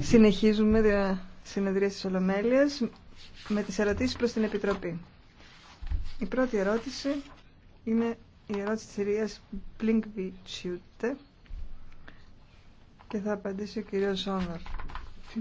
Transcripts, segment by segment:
Συνεχίζουμε συνεδρία της Ολομέλειας με τις ερωτήσεις προς την Επιτροπή. Η πρώτη ερώτηση είναι η ερώτηση της κυρίας Τσιούτε και θα απαντήσει ο κύριος Ζόναρ. Τι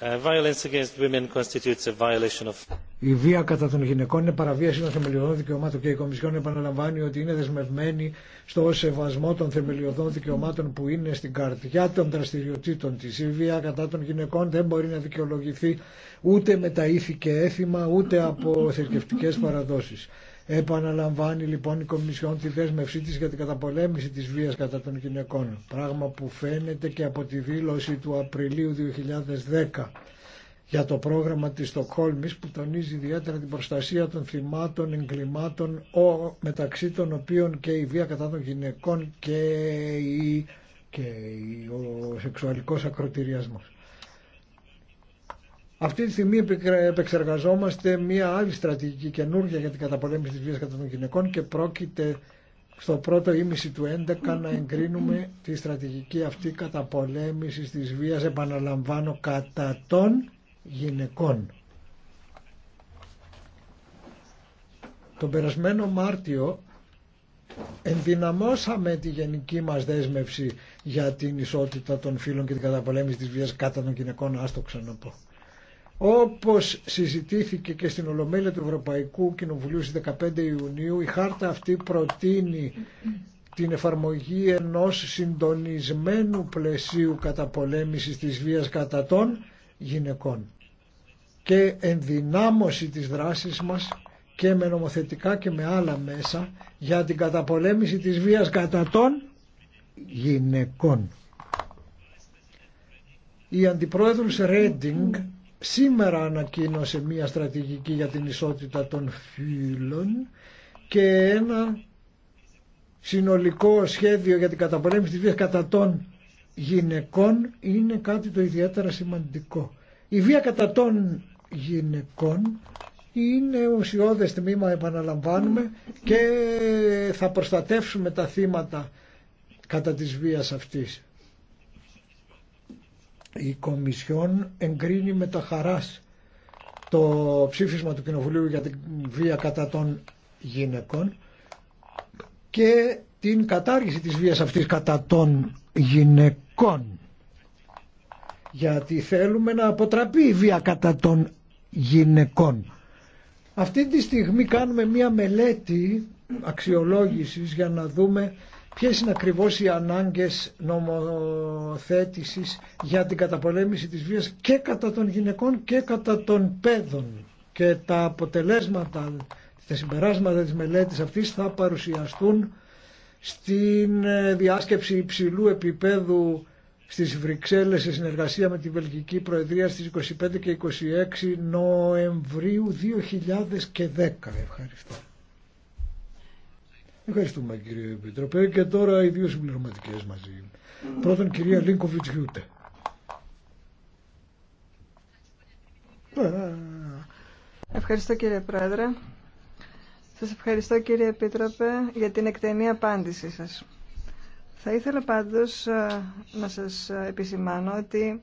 ε, Violence against women constitutes a violation of η βία κατά των γυναικών είναι παραβίαση των θεμελιωδών δικαιωμάτων και η Κομισιόν επαναλαμβάνει ότι είναι δεσμευμένη στο σεβασμό των θεμελιωδών δικαιωμάτων που είναι στην καρδιά των δραστηριοτήτων της. Η βία κατά των γυναικών δεν μπορεί να δικαιολογηθεί ούτε με τα ήθη και έθιμα ούτε από θρησκευτικές παραδόσεις. Επαναλαμβάνει λοιπόν η Κομισιόν τη δέσμευσή της για την καταπολέμηση της βίας κατά των γυναικών, πράγμα που φαίνεται και από τη δήλωση του Απριλίου 2010 για το πρόγραμμα της Στοκχόλμης που τονίζει ιδιαίτερα την προστασία των θυμάτων, εγκλημάτων ο, μεταξύ των οποίων και η βία κατά των γυναικών και, η, και ο σεξουαλικός ακροτηριασμός. Αυτή τη στιγμή επεξεργαζόμαστε μία άλλη στρατηγική καινούργια για την καταπολέμηση της βίας κατά των γυναικών και πρόκειται στο πρώτο ήμιση του 2011 να εγκρίνουμε τη στρατηγική αυτή καταπολέμησης της βίας επαναλαμβάνω κατά τον γυναικών. Το περασμένο Μάρτιο ενδυναμώσαμε τη γενική μας δέσμευση για την ισότητα των φύλων και την καταπολέμηση της βίας κατά των γυναικών, ας το πω. Όπως συζητήθηκε και στην Ολομέλεια του Ευρωπαϊκού Κοινοβουλίου στις 15 Ιουνίου, η χάρτα αυτή προτείνει την εφαρμογή ενός συντονισμένου πλαισίου καταπολέμησης της βίας κατά των γυναικών και ενδυνάμωση της δράσης μας και με νομοθετικά και με άλλα μέσα για την καταπολέμηση της βίας κατά των γυναικών. Η Αντιπρόεδρος Ρέντινγκ σήμερα ανακοίνωσε μία στρατηγική για την ισότητα των φύλων και ένα συνολικό σχέδιο για την καταπολέμηση της βίας κατά των γυναικών είναι κάτι το ιδιαίτερα σημαντικό. Η βία κατά των γυναικών είναι ουσιώδες τμήμα επαναλαμβάνουμε και θα προστατεύσουμε τα θύματα κατά της βίας αυτής. Η Κομισιόν εγκρίνει με τα χαράς το ψήφισμα του Κοινοβουλίου για την βία κατά των γυναικών και την κατάργηση της βίας αυτής κατά των γυναικών γυναικών γιατί θέλουμε να αποτραπεί η βία κατά των γυναικών. Αυτή τη στιγμή κάνουμε μία μελέτη αξιολόγησης για να δούμε ποιες είναι ακριβώς οι ανάγκες νομοθέτησης για την καταπολέμηση της βίας και κατά των γυναικών και κατά των παιδών. Και τα αποτελέσματα, τα συμπεράσματα της μελέτης αυτής θα παρουσιαστούν στην ε, διάσκεψη υψηλού επίπεδου στις Βρυξέλλες σε συνεργασία με τη Βελγική Προεδρία στις 25 και 26 Νοεμβρίου 2010. Ευχαριστώ. Ευχαριστούμε κύριε Επιτροπέ και τώρα οι δύο συμπληρωματικέ μαζί. Πρώτον κυρία Λίνκοβιτς Γιούτε. Ευχαριστώ κύριε Πρόεδρε. Σας ευχαριστώ κύριε Επίτροπε για την εκτενή απάντησή σας. Θα ήθελα πάντως ε, να σας επισημάνω ότι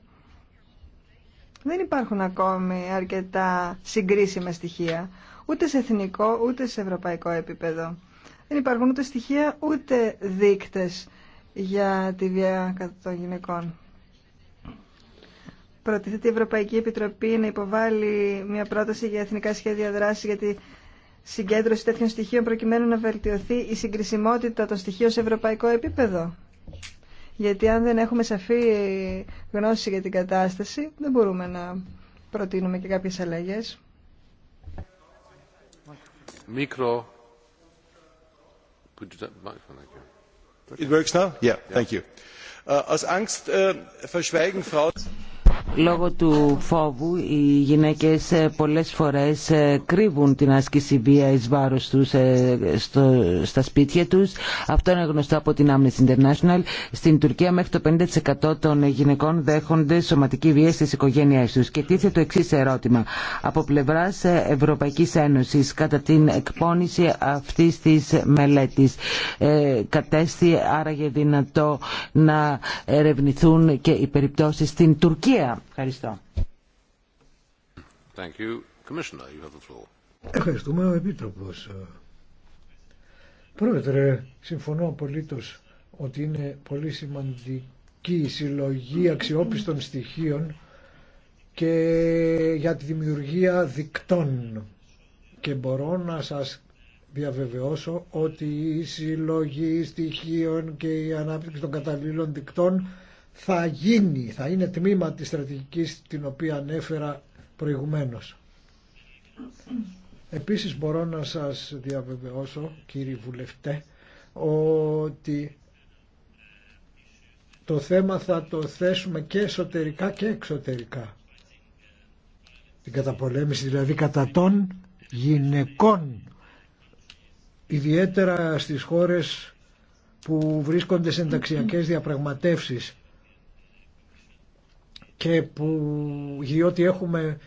δεν υπάρχουν ακόμη αρκετά συγκρίσιμα στοιχεία, ούτε σε εθνικό ούτε σε ευρωπαϊκό επίπεδο. Δεν υπάρχουν ούτε στοιχεία ούτε δείκτες για τη βία κατά των γυναικών. Προτιθέτει η Ευρωπαϊκή Επιτροπή να υποβάλει μια πρόταση για εθνικά σχέδια δράση για συγκέντρωση τέτοιων στοιχείων προκειμένου να βελτιωθεί η συγκρισιμότητα των στοιχείων σε ευρωπαϊκό επίπεδο. Γιατί αν δεν έχουμε σαφή γνώση για την κατάσταση, δεν μπορούμε να προτείνουμε και κάποιες αλλαγές. Yeah, thank you. Uh, aus Angst äh, verschweigen Λόγω του φόβου οι γυναίκες ε, πολλές φορές ε, κρύβουν την άσκηση βία εις βάρος τους ε, στο, στα σπίτια τους. Αυτό είναι γνωστό από την Amnesty International. Στην Τουρκία μέχρι το 50% των γυναικών δέχονται σωματική βία στις οικογένειές τους. Και τίθεται το εξής ερώτημα. Από πλευράς Ευρωπαϊκής Ένωσης κατά την εκπόνηση αυτής της μελέτης κατέστη άραγε δυνατό να ερευνηθούν και οι περιπτώσεις στην Τουρκία Ευχαριστώ. Ευχαριστούμε ο Επίτροπος. Πρόεδρε, συμφωνώ απολύτως ότι είναι πολύ σημαντική η συλλογή αξιόπιστων στοιχείων και για τη δημιουργία δικτών. Και μπορώ να σας διαβεβαιώσω ότι η συλλογή στοιχείων και η ανάπτυξη των καταλήλων δικτών θα γίνει, θα είναι τμήμα της στρατηγικής την οποία ανέφερα προηγουμένως. Επίσης μπορώ να σας διαβεβαιώσω κύριε βουλευτέ ότι το θέμα θα το θέσουμε και εσωτερικά και εξωτερικά. Την καταπολέμηση δηλαδή κατά των γυναικών ιδιαίτερα στις χώρες που βρίσκονται σε ενταξιακές διαπραγματεύσεις και που, διότι έχουμε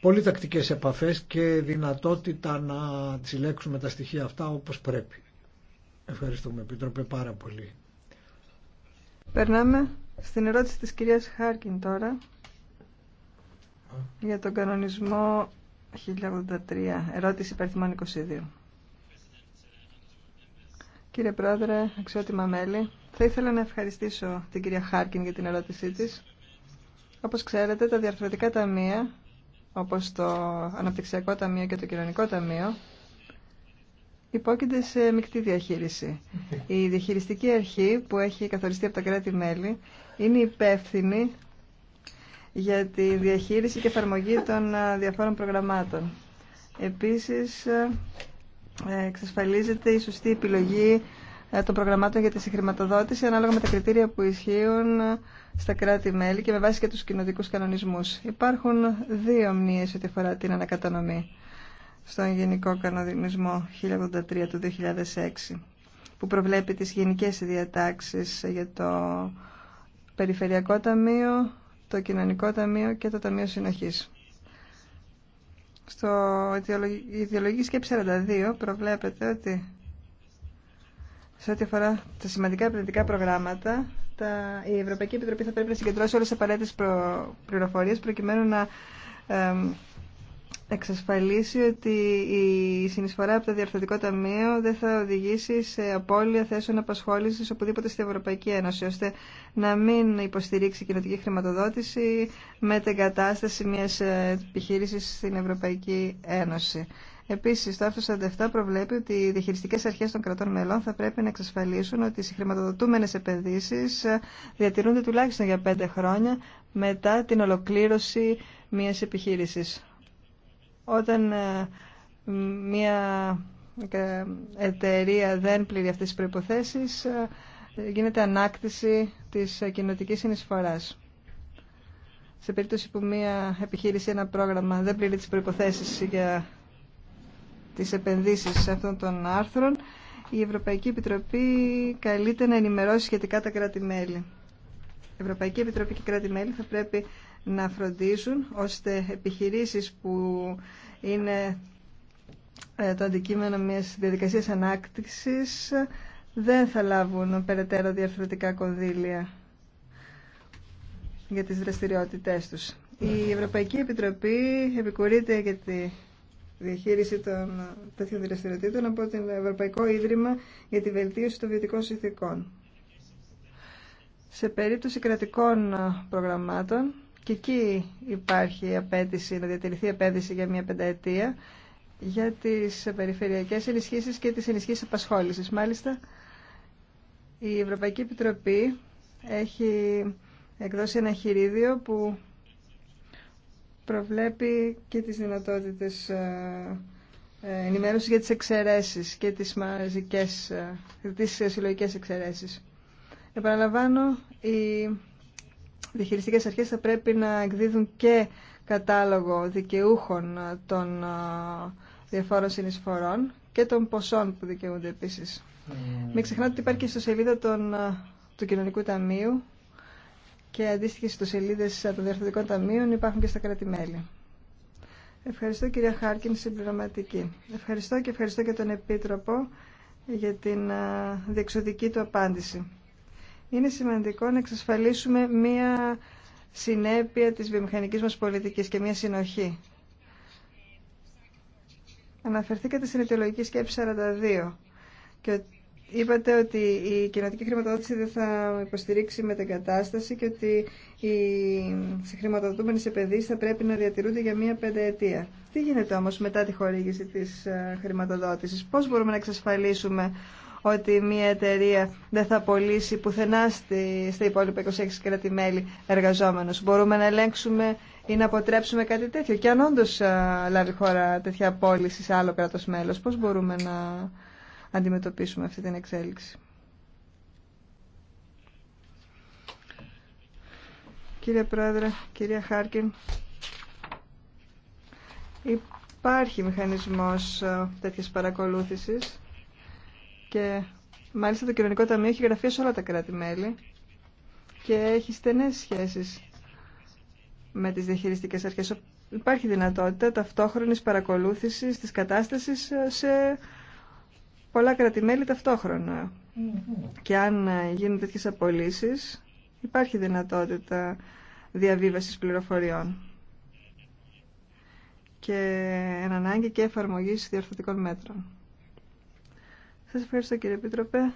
πολύ τακτικές επαφές και δυνατότητα να συλλέξουμε τα στοιχεία αυτά όπως πρέπει. Ευχαριστούμε, Επιτροπέ, πάρα πολύ. Περνάμε στην ερώτηση της κυρίας Χάρκιν τώρα για τον κανονισμό 1083, ερώτηση υπερθυμών 22. Κύριε Πρόεδρε, αξιότιμα μέλη, θα ήθελα να ευχαριστήσω την κυρία Χάρκιν για την ερώτησή της όπως ξέρετε, τα διαρθρωτικά ταμεία, όπως το Αναπτυξιακό Ταμείο και το Κοινωνικό Ταμείο, υπόκεινται σε μεικτή διαχείριση. Η διαχειριστική αρχή που έχει καθοριστεί από τα κράτη-μέλη είναι υπεύθυνη για τη διαχείριση και εφαρμογή των διαφόρων προγραμμάτων. Επίσης, ε, εξασφαλίζεται η σωστή επιλογή ε, των προγραμμάτων για τη συγχρηματοδότηση ανάλογα με τα κριτήρια που ισχύουν ε, στα κράτη-μέλη και με βάση και τους κοινωτικούς κανονισμούς. Υπάρχουν δύο μνήες ό,τι αφορά την ανακατανομή στον Γενικό Κανονισμό 1083 του 2006 που προβλέπει τις γενικές διατάξεις για το Περιφερειακό Ταμείο, το Κοινωνικό Ταμείο και το Ταμείο Συνοχής. Στο ιδεολογική σκέψη 42 προβλέπεται ότι σε ό,τι αφορά τα σημαντικά επενδυτικά προγράμματα, τα, η Ευρωπαϊκή Επιτροπή θα πρέπει να συγκεντρώσει όλε τι απαραίτητες πληροφορίε, προκειμένου να ε, εξασφαλίσει ότι η συνεισφορά από το Διαρθρωτικό Ταμείο δεν θα οδηγήσει σε απώλεια θέσεων απασχόληση οπουδήποτε στην Ευρωπαϊκή Ένωση, ώστε να μην υποστηρίξει κοινωτική χρηματοδότηση με την κατάσταση μια επιχείρηση στην Ευρωπαϊκή Ένωση. Επίση, το άρθρο 47 προβλέπει ότι οι διαχειριστικέ αρχέ των κρατών μελών θα πρέπει να εξασφαλίσουν ότι οι συγχρηματοδοτούμενε επενδύσει ε, διατηρούνται τουλάχιστον για πέντε χρόνια μετά την ολοκλήρωση ε, μια επιχείρηση. Όταν μια εταιρεία δεν πληρεί αυτές τις προϋποθέσεις, ε, γίνεται ανάκτηση της κοινωτικής συνεισφοράς. Σε περίπτωση που μια επιχείρηση, ένα πρόγραμμα δεν πληρεί τις προϋποθέσεις για τις επενδύσεις αυτών των άρθρων, η Ευρωπαϊκή Επιτροπή καλείται να ενημερώσει σχετικά τα κράτη-μέλη. Η Ευρωπαϊκή Επιτροπή και κράτη-μέλη θα πρέπει να φροντίσουν ώστε επιχειρήσεις που είναι ε, το αντικείμενο μιας διαδικασίας ανάκτησης δεν θα λάβουν περαιτέρω διαρθρωτικά κονδύλια για τις δραστηριότητές τους. Η Ευρωπαϊκή Επιτροπή επικουρείται για διαχείριση των τέτοιων δραστηριοτήτων από το Ευρωπαϊκό Ίδρυμα για τη Βελτίωση των Βιωτικών Συνθηκών. Σε περίπτωση κρατικών ε, προγραμμάτων, και εκεί υπάρχει απέτηση, να διατηρηθεί απέτηση για μια πενταετία, για τις περιφερειακές ενισχύσεις και τις ενισχύσεις απασχόλησης. Μάλιστα, η Ευρωπαϊκή Επιτροπή έχει εκδώσει ένα χειρίδιο που προβλέπει και τις δυνατότητες ε, ε, ενημέρωση για τις εξαιρέσεις και τις μαζικές, ε, τις συλλογικές εξαιρέσεις. Επαναλαμβάνω, οι διαχειριστικές αρχές θα πρέπει να εκδίδουν και κατάλογο δικαιούχων των διαφόρων συνεισφορών και των ποσών που δικαιούνται επίσης. Μην ξεχνάτε ότι υπάρχει και στο σελίδα των, του Κοινωνικού Ταμείου και αντίστοιχε ιστοσελίδε των διευθυντικών ταμείων υπάρχουν και στα κράτη-μέλη. Ευχαριστώ κυρία Χάρκιν, συμπληρωματική. Ευχαριστώ και ευχαριστώ και τον Επίτροπο για την διεξοδική του απάντηση. Είναι σημαντικό να εξασφαλίσουμε μία συνέπεια της βιομηχανικής μας πολιτικής και μία συνοχή. Αναφερθήκατε στην αιτιολογική σκέψη 42 και Είπατε ότι η κοινωτική χρηματοδότηση δεν θα υποστηρίξει με την κατάσταση και ότι οι χρηματοδοτούμενε επενδύσει θα πρέπει να διατηρούνται για μία πενταετία. Τι γίνεται όμω μετά τη χορήγηση τη ε, χρηματοδότηση, πώ μπορούμε να εξασφαλίσουμε ότι μία εταιρεία δεν θα πωλήσει πουθενά στη, στα υπόλοιπα 26 κράτη-μέλη εργαζόμενους. Μπορούμε να ελέγξουμε ή να αποτρέψουμε κάτι τέτοιο. Και αν όντω ε, λάβει χώρα τέτοια πώληση σε άλλο κράτος μέλος, πώς μπορούμε να αντιμετωπίσουμε αυτή την εξέλιξη. Κύριε Πρόεδρε, κύριε Χάρκιν, υπάρχει μηχανισμός ε, τέτοιας παρακολούθησης και μάλιστα το Κοινωνικό Ταμείο έχει γραφεί σε όλα τα κράτη-μέλη και έχει στενές σχέσεις με τις διαχειριστικές αρχές. Υπάρχει δυνατότητα ταυτόχρονης παρακολούθησης της κατάστασης ε, σε πολλά κρατημέλη ταυτόχρονα. Mm-hmm. Και αν ε, γίνουν τέτοιε απολύσεις, υπάρχει δυνατότητα διαβίβασης πληροφοριών και εν ανάγκη και εφαρμογής διορθωτικών μέτρων. Σας ευχαριστώ κύριε Επίτροπε.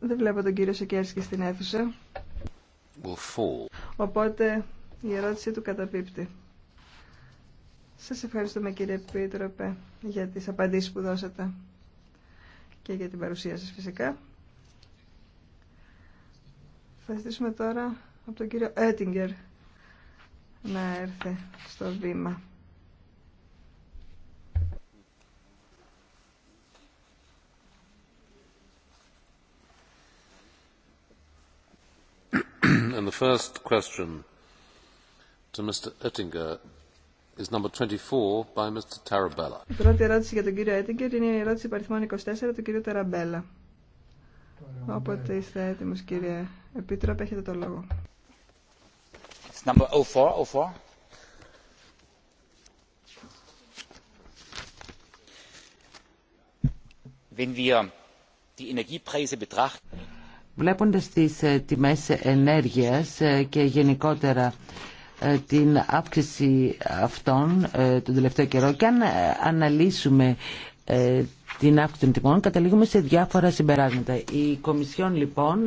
Δεν βλέπω τον κύριο Σεκέρσκι στην αίθουσα. Οπότε η ερώτησή του καταπίπτει. Σας ευχαριστούμε κύριε Επίτροπε για τις απαντήσεις που δώσατε και για την παρουσία σας φυσικά. Θα ζητήσουμε τώρα από τον κύριο Έτιγκερ να έρθει στο βήμα. And the first question to Mr. Η πρώτη ερώτηση για τον κύριο Έτιγκερ είναι η ερώτηση παριθμών 24 του κύριου Ταραμπέλα. Όποτε είστε έτοιμο κύριε Επίτροπε, έχετε το λόγο. Βλέποντα τι τιμέ ενέργεια Βλέποντας τις ε, τιμές ενέργειας ε, και γενικότερα ε, την αύξηση αυτών ε, τον τελευταίο καιρό και αν ε, αναλύσουμε την αύξηση των τιμών καταλήγουμε σε διάφορα συμπεράσματα. Η Κομισιόν λοιπόν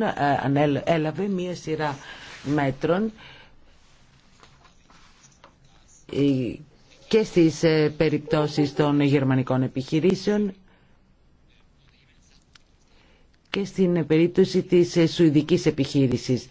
έλαβε μία σειρά μέτρων και στις περιπτώσεις των γερμανικών επιχειρήσεων και στην περίπτωση της σουηδικής επιχείρησης.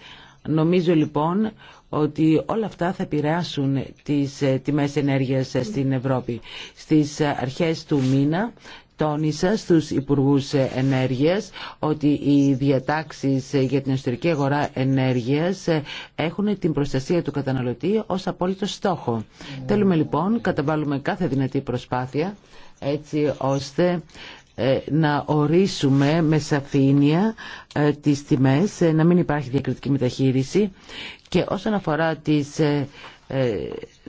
Νομίζω λοιπόν ότι όλα αυτά θα επηρεάσουν τις ε, τιμές ενέργειας ε, στην Ευρώπη. Στις ε, αρχές του μήνα τόνισα στους Υπουργούς Ενέργειας ότι οι διατάξεις για την εσωτερική αγορά ενέργειας έχουν την προστασία του καταναλωτή ως απόλυτο στόχο. Θέλουμε λοιπόν, καταβάλουμε κάθε δυνατή προσπάθεια έτσι ώστε να ορίσουμε με σαφήνεια τις τιμές, να μην υπάρχει διακριτική μεταχείριση και όσον αφορά τις, ε, ε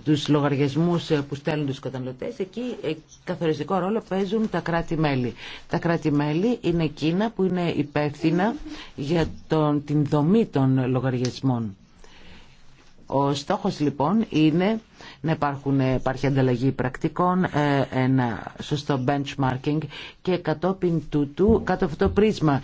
τους λογαριασμούς ε, που στέλνουν τους καταναλωτές, εκεί ε, καθοριστικό ρόλο παίζουν τα κράτη-μέλη. Τα κράτη-μέλη είναι εκείνα που είναι υπεύθυνα για τον, την δομή των λογαριασμών. Ο στόχος λοιπόν είναι να υπάρχουν, υπάρχει ανταλλαγή πρακτικών, ένα σωστό benchmarking και κατόπιν τούτου, κάτω από το πρίσμα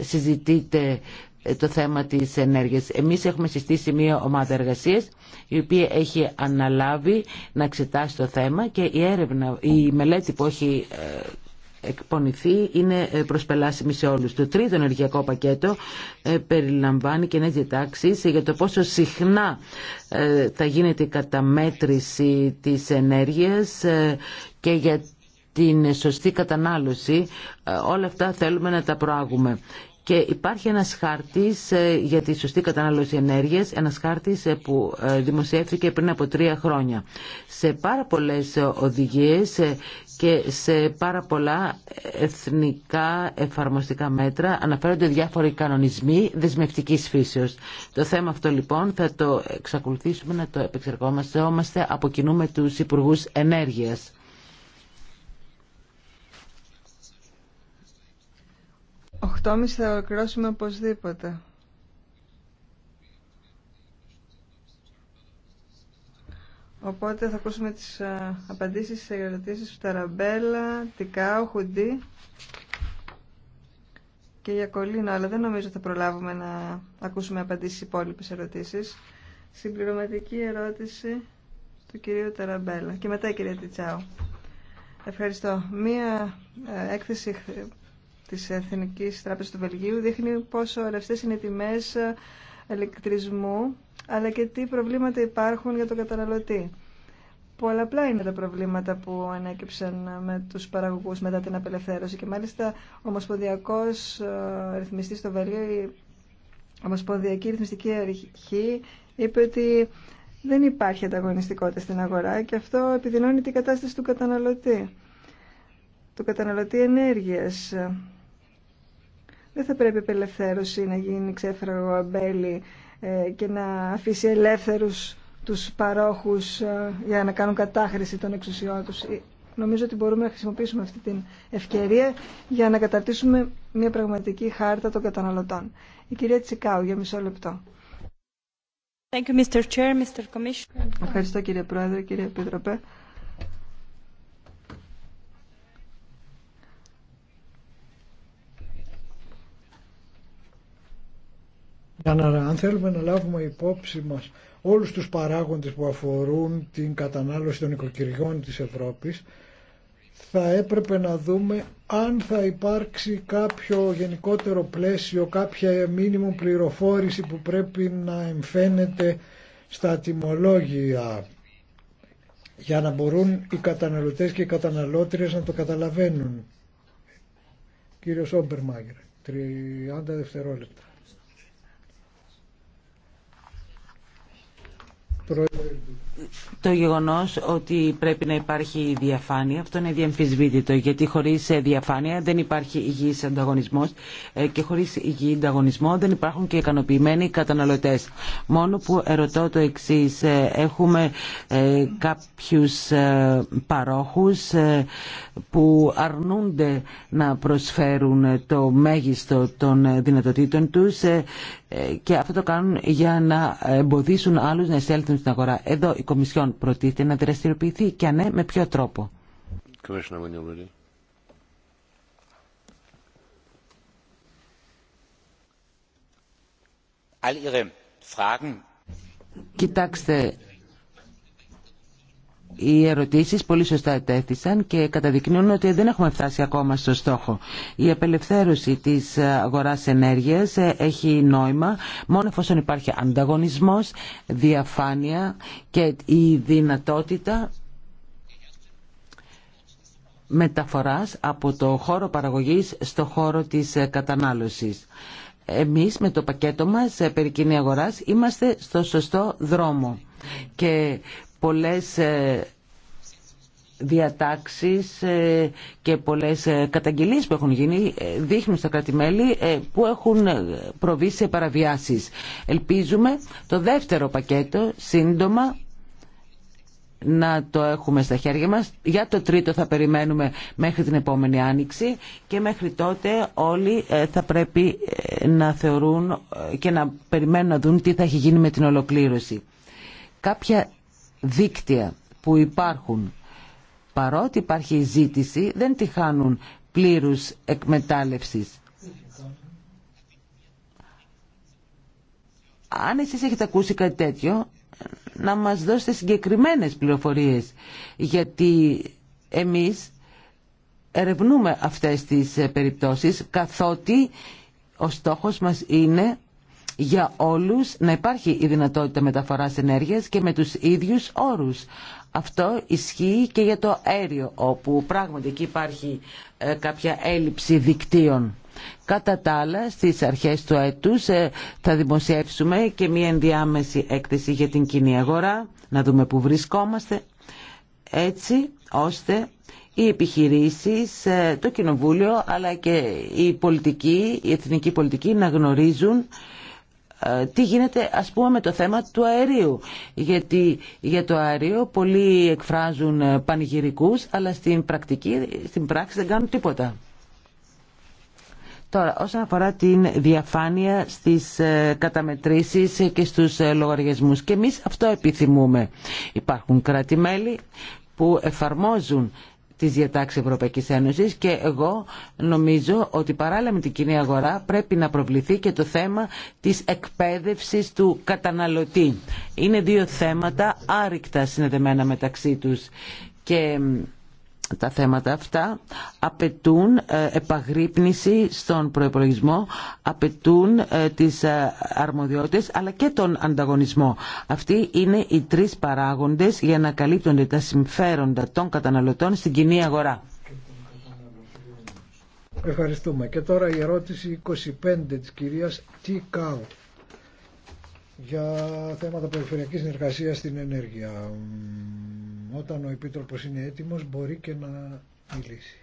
συζητείται ε, το θέμα της ενέργειας. Εμείς έχουμε συστήσει μια ομάδα εργασίας η οποία έχει αναλάβει να εξετάσει το θέμα και η, έρευνα, η μελέτη που έχει ε, εκπονηθεί είναι ε, προσπελάσιμη σε όλους. Το τρίτο ενεργειακό πακέτο περιλαμβάνει και νέες διατάξεις για το πόσο συχνά θα γίνεται η καταμέτρηση της ενέργειας και για την σωστή κατανάλωση. Όλα αυτά θέλουμε να τα προάγουμε. Και υπάρχει ένας χάρτης ε, για τη σωστή κατανάλωση ενέργειας, ένας χάρτης ε, που ε, δημοσιεύθηκε πριν από τρία χρόνια. Σε πάρα πολλές οδηγίες και σε πάρα πολλά εθνικά εφαρμοστικά μέτρα αναφέρονται διάφοροι κανονισμοί δεσμευτικής φύσεως. Το θέμα αυτό λοιπόν θα το εξακολουθήσουμε να το επεξεργόμαστε από κοινού τους Υπουργούς Ενέργειας. 8.30 θα ολοκληρώσουμε οπωσδήποτε. Οπότε θα ακούσουμε τις ε, απαντήσεις σε ερωτήσεις του Ταραμπέλα, Τικάου, Χουντή και Γιακολίνο, αλλά δεν νομίζω θα προλάβουμε να ακούσουμε απαντήσεις στις υπόλοιπες ερωτήσεις. Συμπληρωματική ερώτηση του κυρίου Ταραμπέλα και μετά η κυρία Τιτσάου. Ευχαριστώ. Μία ε, έκθεση Τη Εθνική Τράπεζας του Βελγίου δείχνει πόσο ρευστές είναι οι τιμές ηλεκτρισμού αλλά και τι προβλήματα υπάρχουν για τον καταναλωτή. Πολλαπλά είναι τα προβλήματα που ανέκυψαν με τους παραγωγούς μετά την απελευθέρωση και μάλιστα ο Ομοσπονδιακός ε, Ρυθμιστής στο Βέλγιο, η Ομοσπονδιακή Ρυθμιστική Αρχή είπε ότι δεν υπάρχει ανταγωνιστικότητα στην αγορά και αυτό επιδεινώνει την κατάσταση του καταναλωτή του καταναλωτή ενέργειας δεν θα πρέπει η απελευθέρωση να γίνει ξέφραγο αμπέλι ε, και να αφήσει ελεύθερους τους παρόχους ε, για να κάνουν κατάχρηση των εξουσιών τους. Ε, νομίζω ότι μπορούμε να χρησιμοποιήσουμε αυτή την ευκαιρία για να καταρτήσουμε μια πραγματική χάρτα των καταναλωτών. Η κυρία Τσικάου για μισό λεπτό. Thank you, Mr. Chair, Mr. Ευχαριστώ κύριε Πρόεδρε, κύριε Επίτροπε. Για να, αν θέλουμε να λάβουμε υπόψη μας όλους τους παράγοντες που αφορούν την κατανάλωση των οικοκυριών της Ευρώπης, θα έπρεπε να δούμε αν θα υπάρξει κάποιο γενικότερο πλαίσιο, κάποια μήνυμο πληροφόρηση που πρέπει να εμφαίνεται στα τιμολόγια για να μπορούν οι καταναλωτές και οι καταναλώτριες να το καταλαβαίνουν. Κύριος Μάγκερ, 30 δευτερόλεπτα. Το γεγονό ότι πρέπει να υπάρχει διαφάνεια, αυτό είναι διαμφισβήτητο, γιατί χωρίς ε, διαφάνεια δεν υπάρχει υγιή ανταγωνισμό ε, και χωρίς υγιή ανταγωνισμό δεν υπάρχουν και ικανοποιημένοι καταναλωτές. Μόνο που ερωτώ το εξή ε, έχουμε κάποιους παρόχους που αρνούνται να προσφέρουν το μέγιστο των δυνατοτήτων του, και αυτό το κάνουν για να εμποδίσουν άλλους να εισέλθουν στην αγορά. Εδώ η Κομισιόν προτίθεται να δραστηριοποιηθεί και αν ναι, με ποιο τρόπο. Κοιτάξτε, οι ερωτήσεις πολύ σωστά τέθησαν και καταδεικνύουν ότι δεν έχουμε φτάσει ακόμα στο στόχο. Η απελευθέρωση της αγοράς ενέργειας ε, έχει νόημα μόνο εφόσον υπάρχει ανταγωνισμός, διαφάνεια και η δυνατότητα μεταφοράς από το χώρο παραγωγής στο χώρο της ε, κατανάλωσης. Εμείς με το πακέτο μας ε, περί κοινή αγοράς είμαστε στο σωστό δρόμο και πολλές ε, διατάξεις ε, και πολλές ε, καταγγελίες που έχουν γίνει δείχνουν στα κρατημέλη που έχουν προβεί σε παραβιάσεις. Ελπίζουμε το δεύτερο πακέτο σύντομα να το έχουμε στα χέρια μας. Για το τρίτο θα περιμένουμε μέχρι την επόμενη άνοιξη και μέχρι τότε όλοι θα πρέπει να θεωρούν και να περιμένουν να δουν τι θα έχει γίνει με την ολοκλήρωση. Κάποια δίκτυα που υπάρχουν παρότι υπάρχει ζήτηση δεν τη χάνουν πλήρους εκμετάλλευσης. Αν εσείς έχετε ακούσει κάτι τέτοιο, να μας δώσετε συγκεκριμένες πληροφορίες, γιατί εμείς ερευνούμε αυτές τις ε, περιπτώσεις, καθότι ο στόχος μας είναι για όλους να υπάρχει η δυνατότητα μεταφοράς ενέργειας και με τους ίδιους όρους. Αυτό ισχύει και για το αέριο, όπου πράγματι εκεί υπάρχει ε, κάποια έλλειψη δικτύων. Κατά τα άλλα, στις αρχές του έτους ε, θα δημοσιεύσουμε και μία ενδιάμεση έκθεση για την κοινή αγορά, να δούμε πού βρισκόμαστε, έτσι ώστε οι επιχειρήσεις, ε, το κοινοβούλιο, αλλά και η πολιτική, η εθνική πολιτική να γνωρίζουν ε, τι γίνεται ας πούμε με το θέμα του αερίου. Γιατί για το αέριο πολλοί εκφράζουν ε, πανηγυρικούς αλλά στην, πρακτική, στην πράξη δεν κάνουν τίποτα. Τώρα, όσον αφορά την διαφάνεια στις ε, καταμετρήσεις και στους λογαριασμούς, και εμείς αυτό επιθυμούμε. Υπάρχουν κράτη-μέλη που εφαρμόζουν Τη διατάξεις Ευρωπαϊκής Ένωσης και εγώ νομίζω ότι παράλληλα με την κοινή αγορά πρέπει να προβληθεί και το θέμα της εκπαίδευσης του καταναλωτή. Είναι δύο θέματα άρρηκτα συνδεδεμένα μεταξύ τους και τα θέματα αυτά απαιτούν ε, επαγρύπνηση στον προϋπολογισμό, απαιτούν ε, τις ε, αρμοδιότητες αλλά και τον ανταγωνισμό. Αυτοί είναι οι τρεις παράγοντες για να καλύπτονται τα συμφέροντα των καταναλωτών στην κοινή αγορά. Ευχαριστούμε. Και τώρα η ερώτηση 25 της κυρίας Τικάου για θέματα περιφερειακής συνεργασίας στην ενέργεια. Όταν ο Επίτροπος είναι έτοιμος μπορεί και να μιλήσει.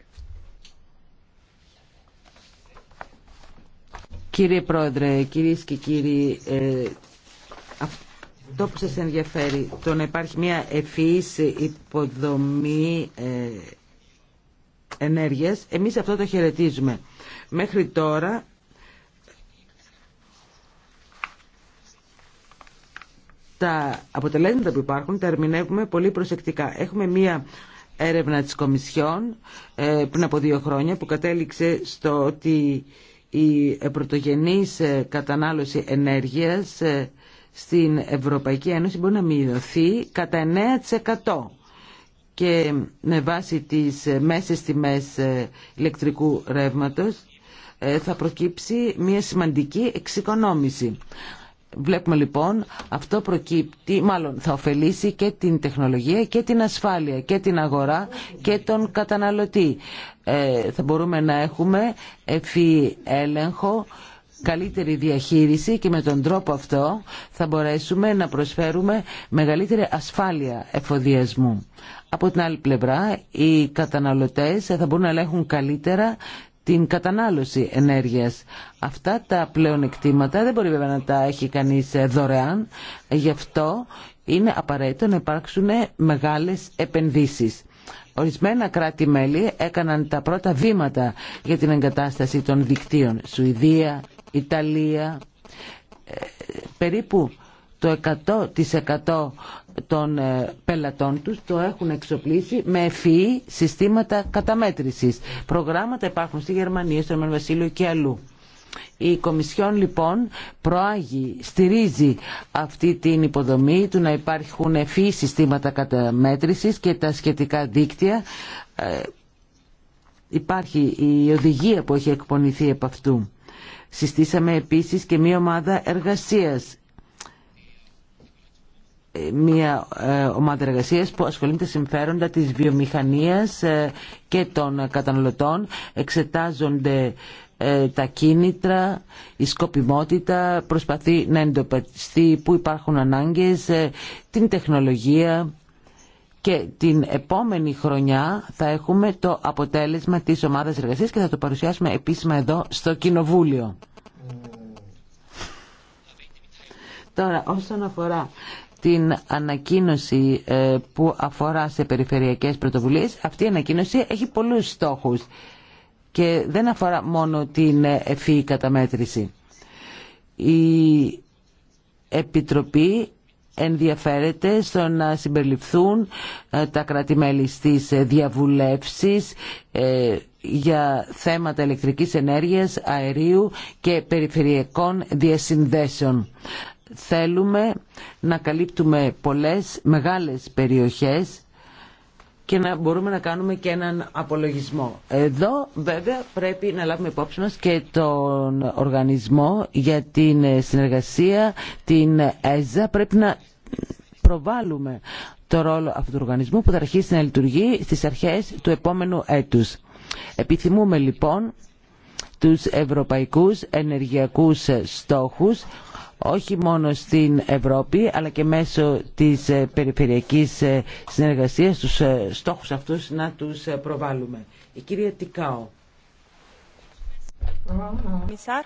Κύριε Πρόεδρε, κυρίες και κύριοι, ε, αυτό που σας ενδιαφέρει, το να υπάρχει μια ευφυής υποδομή ε, ενέργειας, εμείς αυτό το χαιρετίζουμε. Μέχρι τώρα τα αποτελέσματα που υπάρχουν τα ερμηνεύουμε πολύ προσεκτικά. Έχουμε μία έρευνα της Κομισιόν ε, πριν από δύο χρόνια που κατέληξε στο ότι η πρωτογενής ε, κατανάλωση ενέργειας ε, στην Ευρωπαϊκή Ένωση μπορεί να μειωθεί κατά 9% και με βάση τις μέσες τιμές ηλεκτρικού ρεύματος θα προκύψει μια σημαντική εξοικονόμηση. Βλέπουμε λοιπόν αυτό προκύπτει, μάλλον θα ωφελήσει και την τεχνολογία και την ασφάλεια και την αγορά και τον καταναλωτή. Ε, θα μπορούμε να έχουμε ευφύ έλεγχο, καλύτερη διαχείριση και με τον τρόπο αυτό θα μπορέσουμε να προσφέρουμε μεγαλύτερη ασφάλεια εφοδιασμού. Από την άλλη πλευρά, οι καταναλωτές θα μπορούν να ελέγχουν καλύτερα την κατανάλωση ενέργειας. Αυτά τα πλεονεκτήματα δεν μπορεί βέβαια να τα έχει κανείς ε, δωρεάν, γι' αυτό είναι απαραίτητο να υπάρξουν μεγάλες επενδύσεις. Ορισμένα κράτη-μέλη έκαναν τα πρώτα βήματα για την εγκατάσταση των δικτύων. Σουηδία, Ιταλία, ε, περίπου το 100% των ε, πελατών τους το έχουν εξοπλίσει με ευφυή e συστήματα καταμέτρησης. Προγράμματα υπάρχουν στη Γερμανία, στο Ηνωμένο Βασίλειο και αλλού. Η Κομισιόν λοιπόν προάγει, στηρίζει αυτή την υποδομή του να υπάρχουν ευφύ e συστήματα καταμέτρησης και τα σχετικά δίκτυα. Ε, υπάρχει η οδηγία που έχει εκπονηθεί από αυτού. Συστήσαμε επίσης και μία ομάδα εργασίας μια ε, ομάδα εργασία που ασχολείται συμφέροντα της βιομηχανίας ε, και των καταναλωτών. Εξετάζονται ε, τα κίνητρα, η σκοπιμότητα, προσπαθεί να εντοπιστεί που υπάρχουν ανάγκες, την τεχνολογία και την επόμενη χρονιά θα έχουμε το αποτέλεσμα της ομάδας εργασίας και θα το παρουσιάσουμε επίσημα εδώ στο Κοινοβούλιο. Mm. Τώρα, όσον αφορά την ανακοίνωση ε, που αφορά σε περιφερειακές πρωτοβουλίες. Αυτή η ανακοίνωση έχει πολλούς στόχους και δεν αφορά μόνο την ευφύη καταμέτρηση. Η Επιτροπή ενδιαφέρεται στο να συμπεριληφθούν ε, τα κράτη-μέλη στις διαβουλεύσεις ε, για θέματα ηλεκτρικής ενέργειας, αερίου και περιφερειακών διασυνδέσεων θέλουμε να καλύπτουμε πολλές μεγάλες περιοχές και να μπορούμε να κάνουμε και έναν απολογισμό. Εδώ βέβαια πρέπει να λάβουμε υπόψη μας και τον οργανισμό για την συνεργασία, την ΕΖΑ. Πρέπει να προβάλλουμε το ρόλο αυτού του οργανισμού που θα αρχίσει να λειτουργεί στις αρχές του επόμενου έτους. Επιθυμούμε λοιπόν τους ευρωπαϊκούς ενεργειακούς στόχους όχι μόνο στην Ευρώπη αλλά και μέσω της ε, περιφερειακής ε, συνεργασίας τους ε, στόχους αυτούς να τους προβάλλουμε. Η κυρία Τικάο. Μισάρ.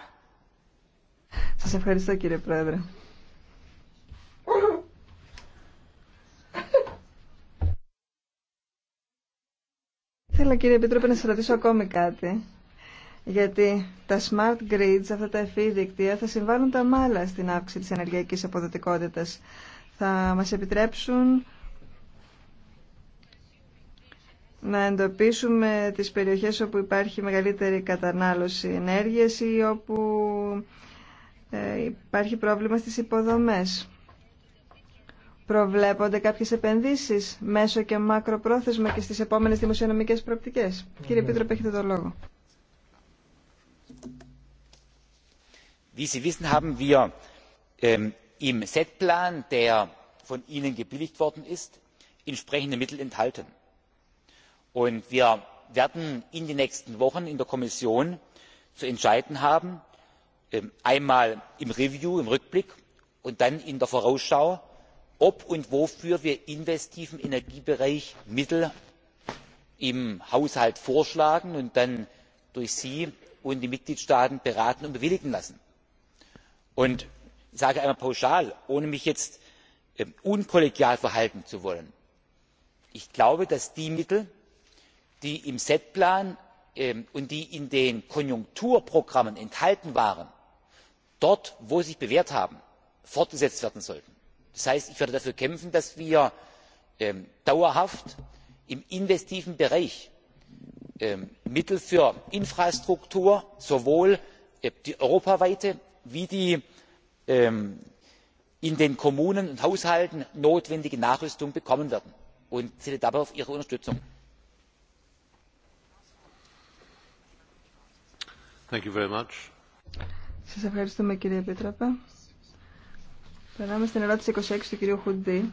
Σας ευχαριστώ κύριε Πρόεδρε. Θέλω κύριε Επιτρόπε να σας ρωτήσω ακόμη κάτι γιατί τα smart grids, αυτά τα ευφύ δικτύα, θα συμβάλλουν τα μάλα στην αύξηση της ενεργειακής αποδοτικότητας. Θα μας επιτρέψουν να εντοπίσουμε τις περιοχές όπου υπάρχει μεγαλύτερη κατανάλωση ενέργειας ή όπου ε, υπάρχει πρόβλημα στις υποδομές. Προβλέπονται κάποιες επενδύσεις μέσω και μακροπρόθεσμα και στις επόμενες δημοσιονομικές προοπτικές. Κύριε ναι. Πίτρο, έχετε το λόγο. wie sie wissen haben wir im set plan der von ihnen gebilligt worden ist entsprechende mittel enthalten und wir werden in den nächsten wochen in der kommission zu entscheiden haben einmal im Review, im rückblick und dann in der vorausschau ob und wofür wir im investiven energiebereich mittel im haushalt vorschlagen und dann durch sie und die mitgliedstaaten beraten und bewilligen lassen und ich sage einmal pauschal ohne mich jetzt unkollegial verhalten zu wollen ich glaube dass die mittel die im set plan und die in den konjunkturprogrammen enthalten waren dort wo sie sich bewährt haben fortgesetzt werden sollten. das heißt ich werde dafür kämpfen dass wir dauerhaft im investiven bereich mittel für infrastruktur sowohl die europaweite wie die ähm, in den kommunen und haushalten notwendige nachrüstung bekommen werden und zähle dabei auf um ihre unterstützung. Σας ευχαριστούμε κύριε Επίτροπε. Περνάμε στην ερώτηση 26 του κυρίου Χουντή.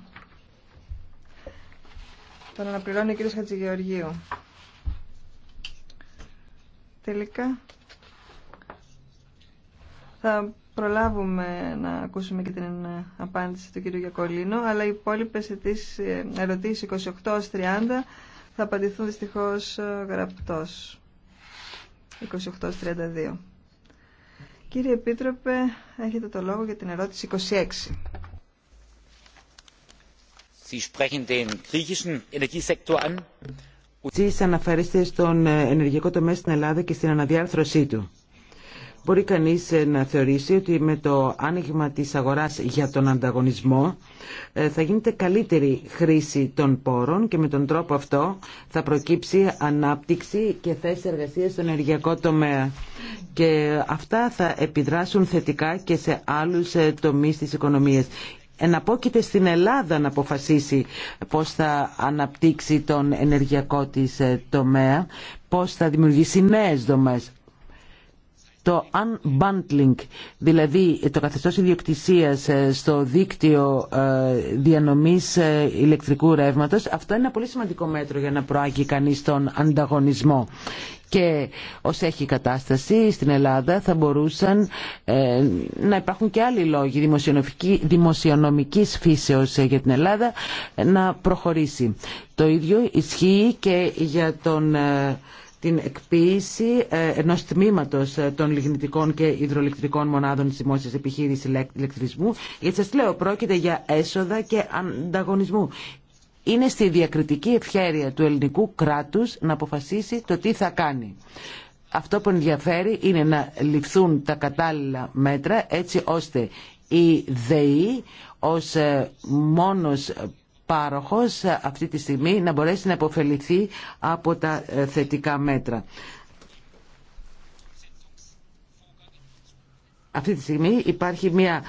Τον αναπληρώνει ο κύριος Χατζηγεωργίου. Τελικά θα προλάβουμε να ακούσουμε και την απάντηση του κύριου Γιακολίνο, αλλά οι υπόλοιπε ερωτήσει 28-30 θα απαντηθούν δυστυχώ γραπτώ. 28-32. Κύριε Επίτροπε, έχετε το λόγο για την ερώτηση 26. Sie sprechen den griechischen Energiesektor an. Εσείς στον ε, ενεργειακό τομέα στην Ελλάδα και στην αναδιάρθρωσή του μπορεί κανείς ε, να θεωρήσει ότι με το άνοιγμα της αγοράς για τον ανταγωνισμό ε, θα γίνεται καλύτερη χρήση των πόρων και με τον τρόπο αυτό θα προκύψει ανάπτυξη και θέση εργασία στον ενεργειακό τομέα. Και αυτά θα επιδράσουν θετικά και σε άλλους ε, τομείς της οικονομίας εναπόκειται στην Ελλάδα να αποφασίσει πώς θα αναπτύξει τον ενεργειακό της τομέα, πώς θα δημιουργήσει νέες δομές το unbundling, δηλαδή το καθεστώς ιδιοκτησίας ε, στο δίκτυο ε, διανομής ε, ηλεκτρικού ρεύματος, αυτό είναι ένα πολύ σημαντικό μέτρο για να προάγει κανείς τον ανταγωνισμό. Και ως έχει κατάσταση στην Ελλάδα θα μπορούσαν να υπάρχουν και άλλοι λόγοι δημοσιονομικής φύσεως για την Ελλάδα να προχωρήσει. Το ίδιο ισχύει και για τον την εκποίηση ε, ενός τμήματος ε, των λιγνητικών και υδρολεκτρικών μονάδων της δημόσιας επιχείρησης ηλεκτρισμού, γιατί σας λέω πρόκειται για έσοδα και ανταγωνισμού. Είναι στη διακριτική ευχέρεια του ελληνικού κράτους να αποφασίσει το τι θα κάνει. Αυτό που ενδιαφέρει είναι να ληφθούν τα κατάλληλα μέτρα έτσι ώστε η ΔΕΗ ως ε, μόνος πάροχος αυτή τη στιγμή να μπορέσει να υποφεληθεί από τα ε, θετικά μέτρα. Αυτή τη στιγμή υπάρχει μια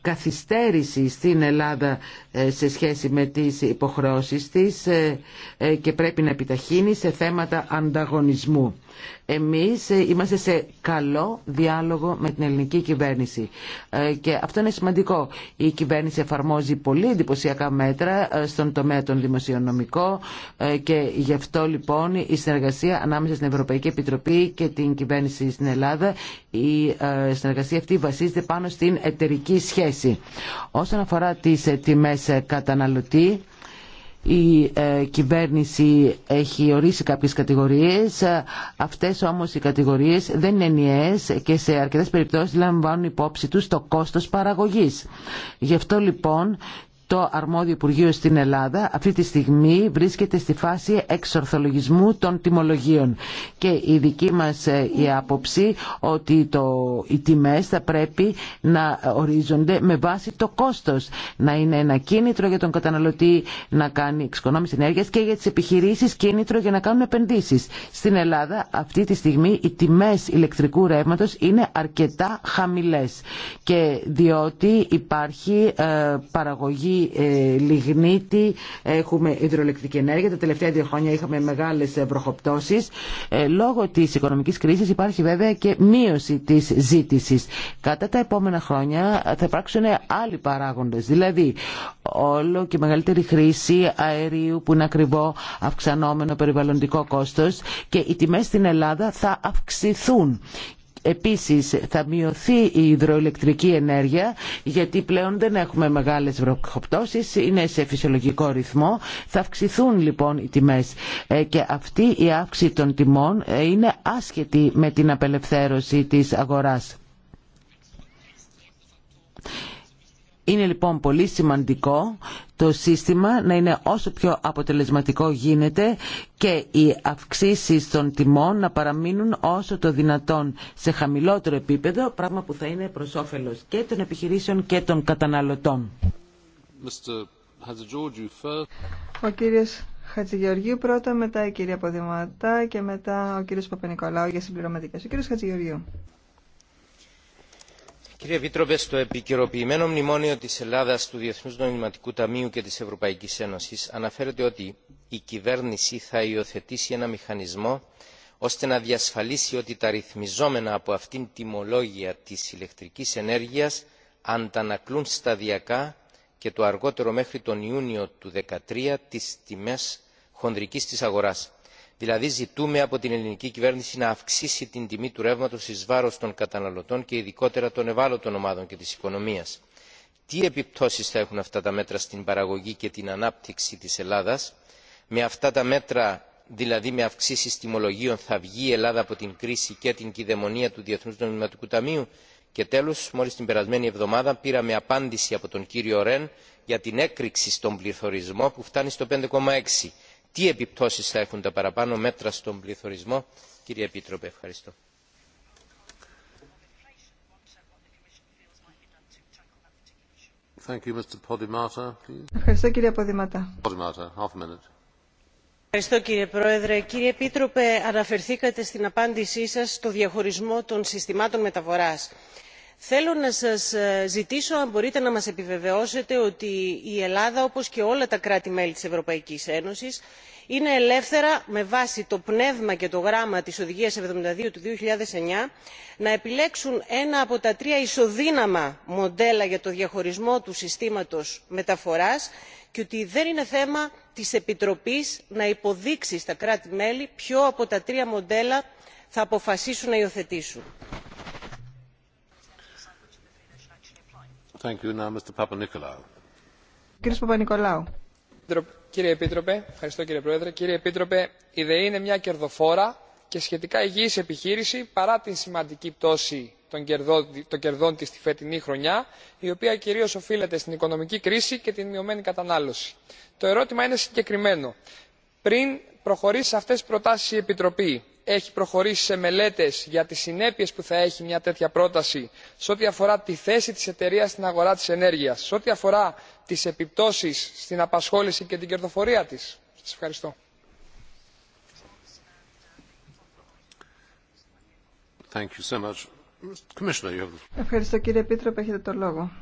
καθυστέρηση στην Ελλάδα ε, σε σχέση με τις υποχρεώσεις της ε, ε, και πρέπει να επιταχύνει σε θέματα ανταγωνισμού. Εμείς είμαστε σε καλό διάλογο με την ελληνική κυβέρνηση και αυτό είναι σημαντικό. Η κυβέρνηση εφαρμόζει πολύ εντυπωσιακά μέτρα στον τομέα των δημοσιονομικών και γι' αυτό λοιπόν η συνεργασία ανάμεσα στην Ευρωπαϊκή Επιτροπή και την κυβέρνηση στην Ελλάδα η συνεργασία αυτή βασίζεται πάνω στην εταιρική σχέση. Όσον αφορά τις τιμές ε, καταναλωτή. Η ε, κυβέρνηση έχει ορίσει κάποιες κατηγορίες, ε, αυτές όμως οι κατηγορίες δεν είναι ενιαίες και σε αρκετές περιπτώσεις λαμβάνουν υπόψη τους το κόστος παραγωγής. Γι' αυτό λοιπόν το αρμόδιο Υπουργείο στην Ελλάδα αυτή τη στιγμή βρίσκεται στη φάση εξορθολογισμού των τιμολογίων και η δική μας ε, η άποψη ότι το, οι τιμές θα πρέπει να ορίζονται με βάση το κόστος να είναι ένα κίνητρο για τον καταναλωτή να κάνει εξοικονόμηση ενέργειας και για τις επιχειρήσεις κίνητρο για να κάνουν επενδύσεις. Στην Ελλάδα αυτή τη στιγμή οι τιμές ηλεκτρικού ρεύματος είναι αρκετά χαμηλές και διότι υπάρχει ε, παραγωγή ε, λιγνίτη, έχουμε υδρολεκτική ενέργεια. Τα τελευταία δύο χρόνια είχαμε μεγάλες Ε, Λόγω της οικονομικής κρίσης υπάρχει βέβαια και μείωση της ζήτησης. Κατά τα επόμενα χρόνια θα υπάρξουν άλλοι παράγοντες, δηλαδή όλο και μεγαλύτερη χρήση αερίου που είναι ακριβό αυξανόμενο περιβαλλοντικό κόστο, και οι τιμέ στην Ελλάδα θα αυξηθούν Επίσης θα μειωθεί η υδροηλεκτρική ενέργεια γιατί πλέον δεν έχουμε μεγάλες βροχοπτώσεις, είναι σε φυσιολογικό ρυθμό. Θα αυξηθούν λοιπόν οι τιμές ε, και αυτή η αύξηση των τιμών ε, είναι άσχετη με την απελευθέρωση της αγοράς. Είναι λοιπόν πολύ σημαντικό το σύστημα να είναι όσο πιο αποτελεσματικό γίνεται και οι αυξήσει των τιμών να παραμείνουν όσο το δυνατόν σε χαμηλότερο επίπεδο, πράγμα που θα είναι προς όφελος και των επιχειρήσεων και των καταναλωτών. Ο κύριος Χατζηγεωργίου πρώτα, μετά η κυρία Ποδηματά και μετά ο κύριος Παπενικολάου για συμπληρωματικές. Ο κύριος Χατζηγεωργίου. Κύριε Επίτροπε, στο επικαιροποιημένο μνημόνιο τη Ελλάδα, του Διεθνού Νομισματικού Ταμείου και τη Ευρωπαϊκή Ένωση αναφέρεται ότι η κυβέρνηση θα υιοθετήσει ένα μηχανισμό ώστε να διασφαλίσει ότι τα ρυθμιζόμενα από αυτήν τιμολόγια τη ηλεκτρική ενέργεια αντανακλούν σταδιακά και το αργότερο μέχρι τον Ιούνιο του 2013 τι τιμέ χονδρικής τη αγορά δηλαδή ζητούμε από την ελληνική κυβέρνηση να αυξήσει την τιμή του ρεύματο ει βάρο των καταναλωτών και ειδικότερα των ευάλωτων ομάδων και τη οικονομία. τι επιπτώσει θα έχουν αυτά τα μέτρα στην παραγωγή και την ανάπτυξη τη ελλάδα με αυτά τα μέτρα δηλαδή με αυξήσει τιμολογίων θα βγει η ελλάδα από την κρίση και την κυδαιμονία του διεθνού νομισματικού ταμείου? και τέλο μόλι την περασμένη εβδομάδα πήραμε απάντηση από τον κύριο ρεν για την έκρηξη στον πληθωρισμό που φτάνει στο 5,6 τι επιπτώσεις θα έχουν τα παραπάνω μέτρα στον πληθωρισμό. Κύριε Επίτροπε, ευχαριστώ. Thank you, Mr. Podimata. Ευχαριστώ κύριε Ευχαριστώ κύριε Πρόεδρε. Κύριε Επίτροπε, αναφερθήκατε στην απάντησή σας στο διαχωρισμό των συστημάτων μεταφοράς θέλω να σας ε, ζητήσω αν μπορείτε να μας επιβεβαιώσετε ότι η ελλάδα όπως και όλα τα κράτη μέλη της ευρωπαϊκής ένωσης είναι ελεύθερα με βάση το πνεύμα και το γράμμα της οδηγίας 72 του 2009 να επιλέξουν ένα από τα τρία ισοδύναμα μοντέλα για το διαχωρισμό του συστήματος μεταφοράς και ότι δεν είναι θέμα της επιτροπής να υποδείξει στα κράτη μέλη ποιο από τα τρία μοντέλα θα αποφασίσουν να υιοθετήσουν. Κύριε Επίτροπε, κύριε Πρόεδρε. Κύριε Επίτροπε, η ΔΕΗ είναι μια κερδοφόρα και σχετικά υγιής επιχείρηση παρά την σημαντική πτώση των κερδών της τη φετινή χρονιά η οποία κυρίως οφείλεται στην οικονομική κρίση και την μειωμένη κατανάλωση. Το ερώτημα είναι συγκεκριμένο. Πριν προχωρήσει σε αυτές τις προτάσεις η Επιτροπή έχει προχωρήσει σε μελέτες για τις συνέπειες που θα έχει μια τέτοια πρόταση σε ό,τι αφορά τη θέση της εταιρείας στην αγορά της ενέργειας σε ό,τι αφορά τις επιπτώσεις στην απασχόληση και την κερδοφορία της. Σας ευχαριστώ. Ευχαριστώ κύριε έχετε το λόγο.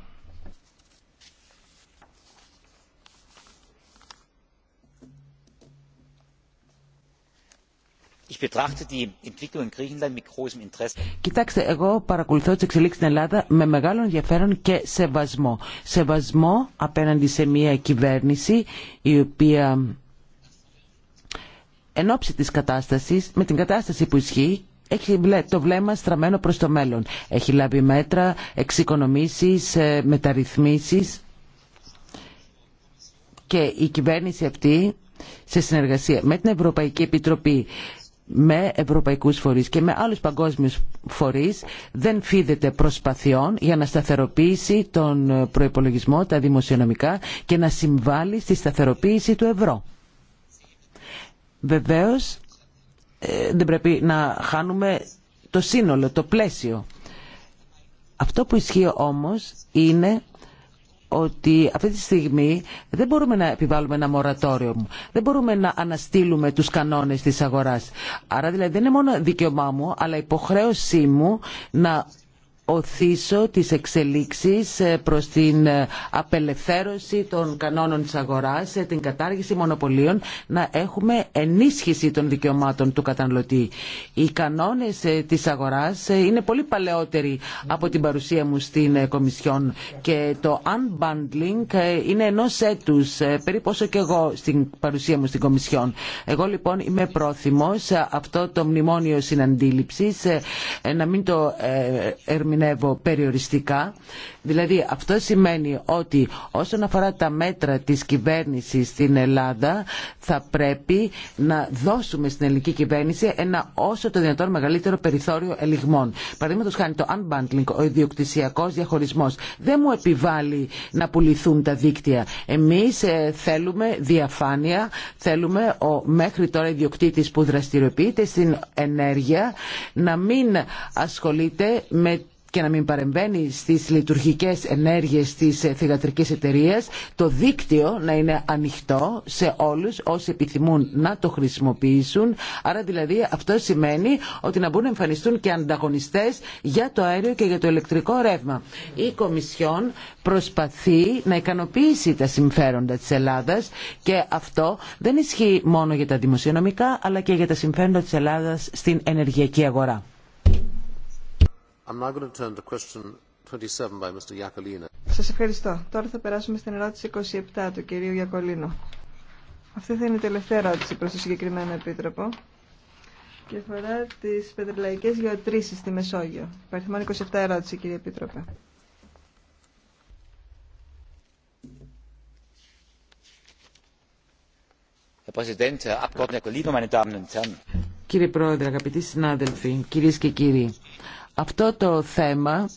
Κοιτάξτε, εγώ παρακολουθώ τι εξελίξει στην Ελλάδα με μεγάλο ενδιαφέρον και σεβασμό. Σεβασμό απέναντι σε μια κυβέρνηση η οποία εν ώψη της κατάστασης, με την κατάσταση που ισχύει, έχει το βλέμμα στραμμένο προς το μέλλον. Έχει λάβει μέτρα, εξοικονομήσει, ε, μεταρρυθμίσει και η κυβέρνηση αυτή σε συνεργασία με την Ευρωπαϊκή Επιτροπή με ευρωπαϊκούς φορείς και με άλλους παγκόσμιους φορείς δεν φίδεται προσπαθειών για να σταθεροποιήσει τον προϋπολογισμό, τα δημοσιονομικά και να συμβάλλει στη σταθεροποίηση του ευρώ. Βεβαίως ε, δεν πρέπει να χάνουμε το σύνολο, το πλαίσιο. Αυτό που ισχύει όμως είναι ότι αυτή τη στιγμή δεν μπορούμε να επιβάλλουμε ένα μορατόριο. Δεν μπορούμε να αναστείλουμε τους κανόνες της αγοράς. Άρα δηλαδή δεν είναι μόνο δικαιωμά μου, αλλά υποχρέωσή μου να οθήσω τις εξελίξεις ε, προς την ε, απελευθέρωση των κανόνων της αγοράς, ε, την κατάργηση μονοπωλίων, να έχουμε ενίσχυση των δικαιωμάτων του καταναλωτή. Οι κανόνες της αγοράς είναι πολύ παλαιότεροι από την παρουσία μου στην Κομισιόν και το unbundling είναι ενός έτους, περίπου όσο και εγώ στην παρουσία μου στην Κομισιόν. Εγώ λοιπόν είμαι πρόθυμος αυτό το μνημόνιο συναντήληψης να μην το ερμηνεύω ερμηνεύω περιοριστικά. Δηλαδή αυτό σημαίνει ότι όσον αφορά τα μέτρα της κυβέρνησης στην Ελλάδα θα πρέπει να δώσουμε στην ελληνική κυβέρνηση ένα όσο το δυνατόν μεγαλύτερο περιθώριο ελιγμών. Παραδείγματος χάνει το unbundling, ο ιδιοκτησιακός διαχωρισμός. Δεν μου επιβάλλει να πουληθούν τα δίκτυα. Εμείς ε, θέλουμε διαφάνεια, θέλουμε ο μέχρι τώρα ιδιοκτήτης που δραστηριοποιείται στην ενέργεια να μην ασχολείται με και να μην παρεμβαίνει στις λειτουργικές ενέργειες της θηγατρικής εταιρείας, το δίκτυο να είναι ανοιχτό σε όλους όσοι επιθυμούν να το χρησιμοποιήσουν. Άρα δηλαδή αυτό σημαίνει ότι να μπορούν να εμφανιστούν και ανταγωνιστές για το αέριο και για το ηλεκτρικό ρεύμα. Η Κομισιόν προσπαθεί να ικανοποιήσει τα συμφέροντα της Ελλάδας και αυτό δεν ισχύει μόνο για τα δημοσιονομικά αλλά και για τα συμφέροντα της Ελλάδας στην ενεργειακή αγορά. Σας ευχαριστώ. Τώρα θα περάσουμε στην ερώτηση 27 του κυρίου Γιακολίνο. Αυτή θα είναι η τελευταία ερώτηση προς το συγκεκριμένο επίτροπο και αφορά τις πετρελαϊκές γεωτρήσεις στη Μεσόγειο. Παριθμόν 27 ερώτηση κύριε επίτροπε. Κύριε Πρόεδρε, αγαπητοί συνάδελφοι, κυρίες και κύριοι, αυτό το θέμα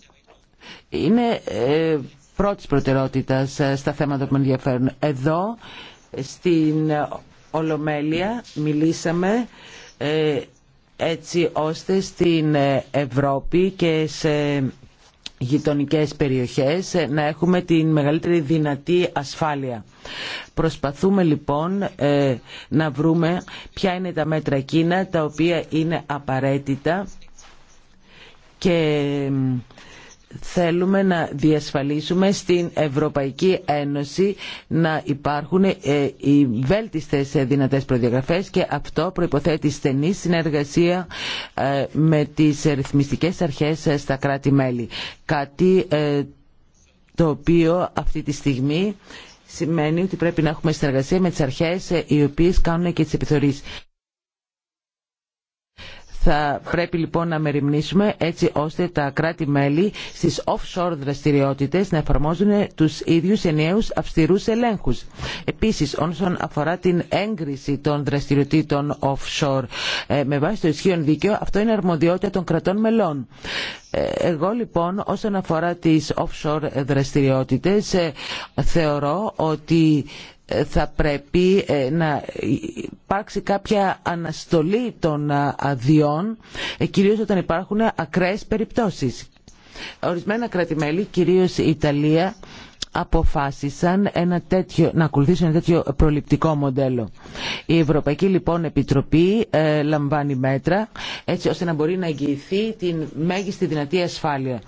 είναι ε, πρώτης προτεραιότητας ε, στα θέματα που με ενδιαφέρουν. Εδώ στην Ολομέλεια μιλήσαμε ε, έτσι ώστε στην Ευρώπη και σε γειτονικές περιοχές να έχουμε την μεγαλύτερη δυνατή ασφάλεια. Προσπαθούμε λοιπόν να βρούμε ποια είναι τα μέτρα εκείνα τα οποία είναι απαραίτητα και θέλουμε να διασφαλίσουμε στην Ευρωπαϊκή Ένωση να υπάρχουν ε, οι βέλτιστες ε, δυνατές προδιαγραφές και αυτό προϋποθέτει στενή συνεργασία ε, με τις ρυθμιστικές αρχές στα κράτη-μέλη. Κάτι το οποίο αυτή τη στιγμή σημαίνει ότι πρέπει να έχουμε συνεργασία με τις αρχές οι οποίες κάνουν και τις επιθεωρήσεις. Θα πρέπει λοιπόν να μεριμνήσουμε έτσι ώστε τα κράτη-μέλη στις offshore δραστηριότητες να εφαρμόζουν τους ίδιους ενιαίους αυστηρούς ελέγχους. Επίσης, όσον αφορά την έγκριση των δραστηριοτήτων offshore ε, με βάση το ισχύον δίκαιο, αυτό είναι αρμοδιότητα των κρατών μελών. Ε, εγώ λοιπόν όσον αφορά τις offshore δραστηριότητες ε, θεωρώ ότι θα πρέπει ε, να υπάρξει κάποια αναστολή των ε, αδειών, ε, κυρίως όταν υπάρχουν ακραίες περιπτώσεις. Ορισμένα κρατημέλη, κυρίως η Ιταλία, αποφάσισαν ένα τέτοιο, να ακολουθήσουν ένα τέτοιο προληπτικό μοντέλο. Η Ευρωπαϊκή λοιπόν Επιτροπή λαμβάνει μέτρα έτσι ώστε να μπορεί να εγγυηθεί την μέγιστη δυνατή ασφάλεια.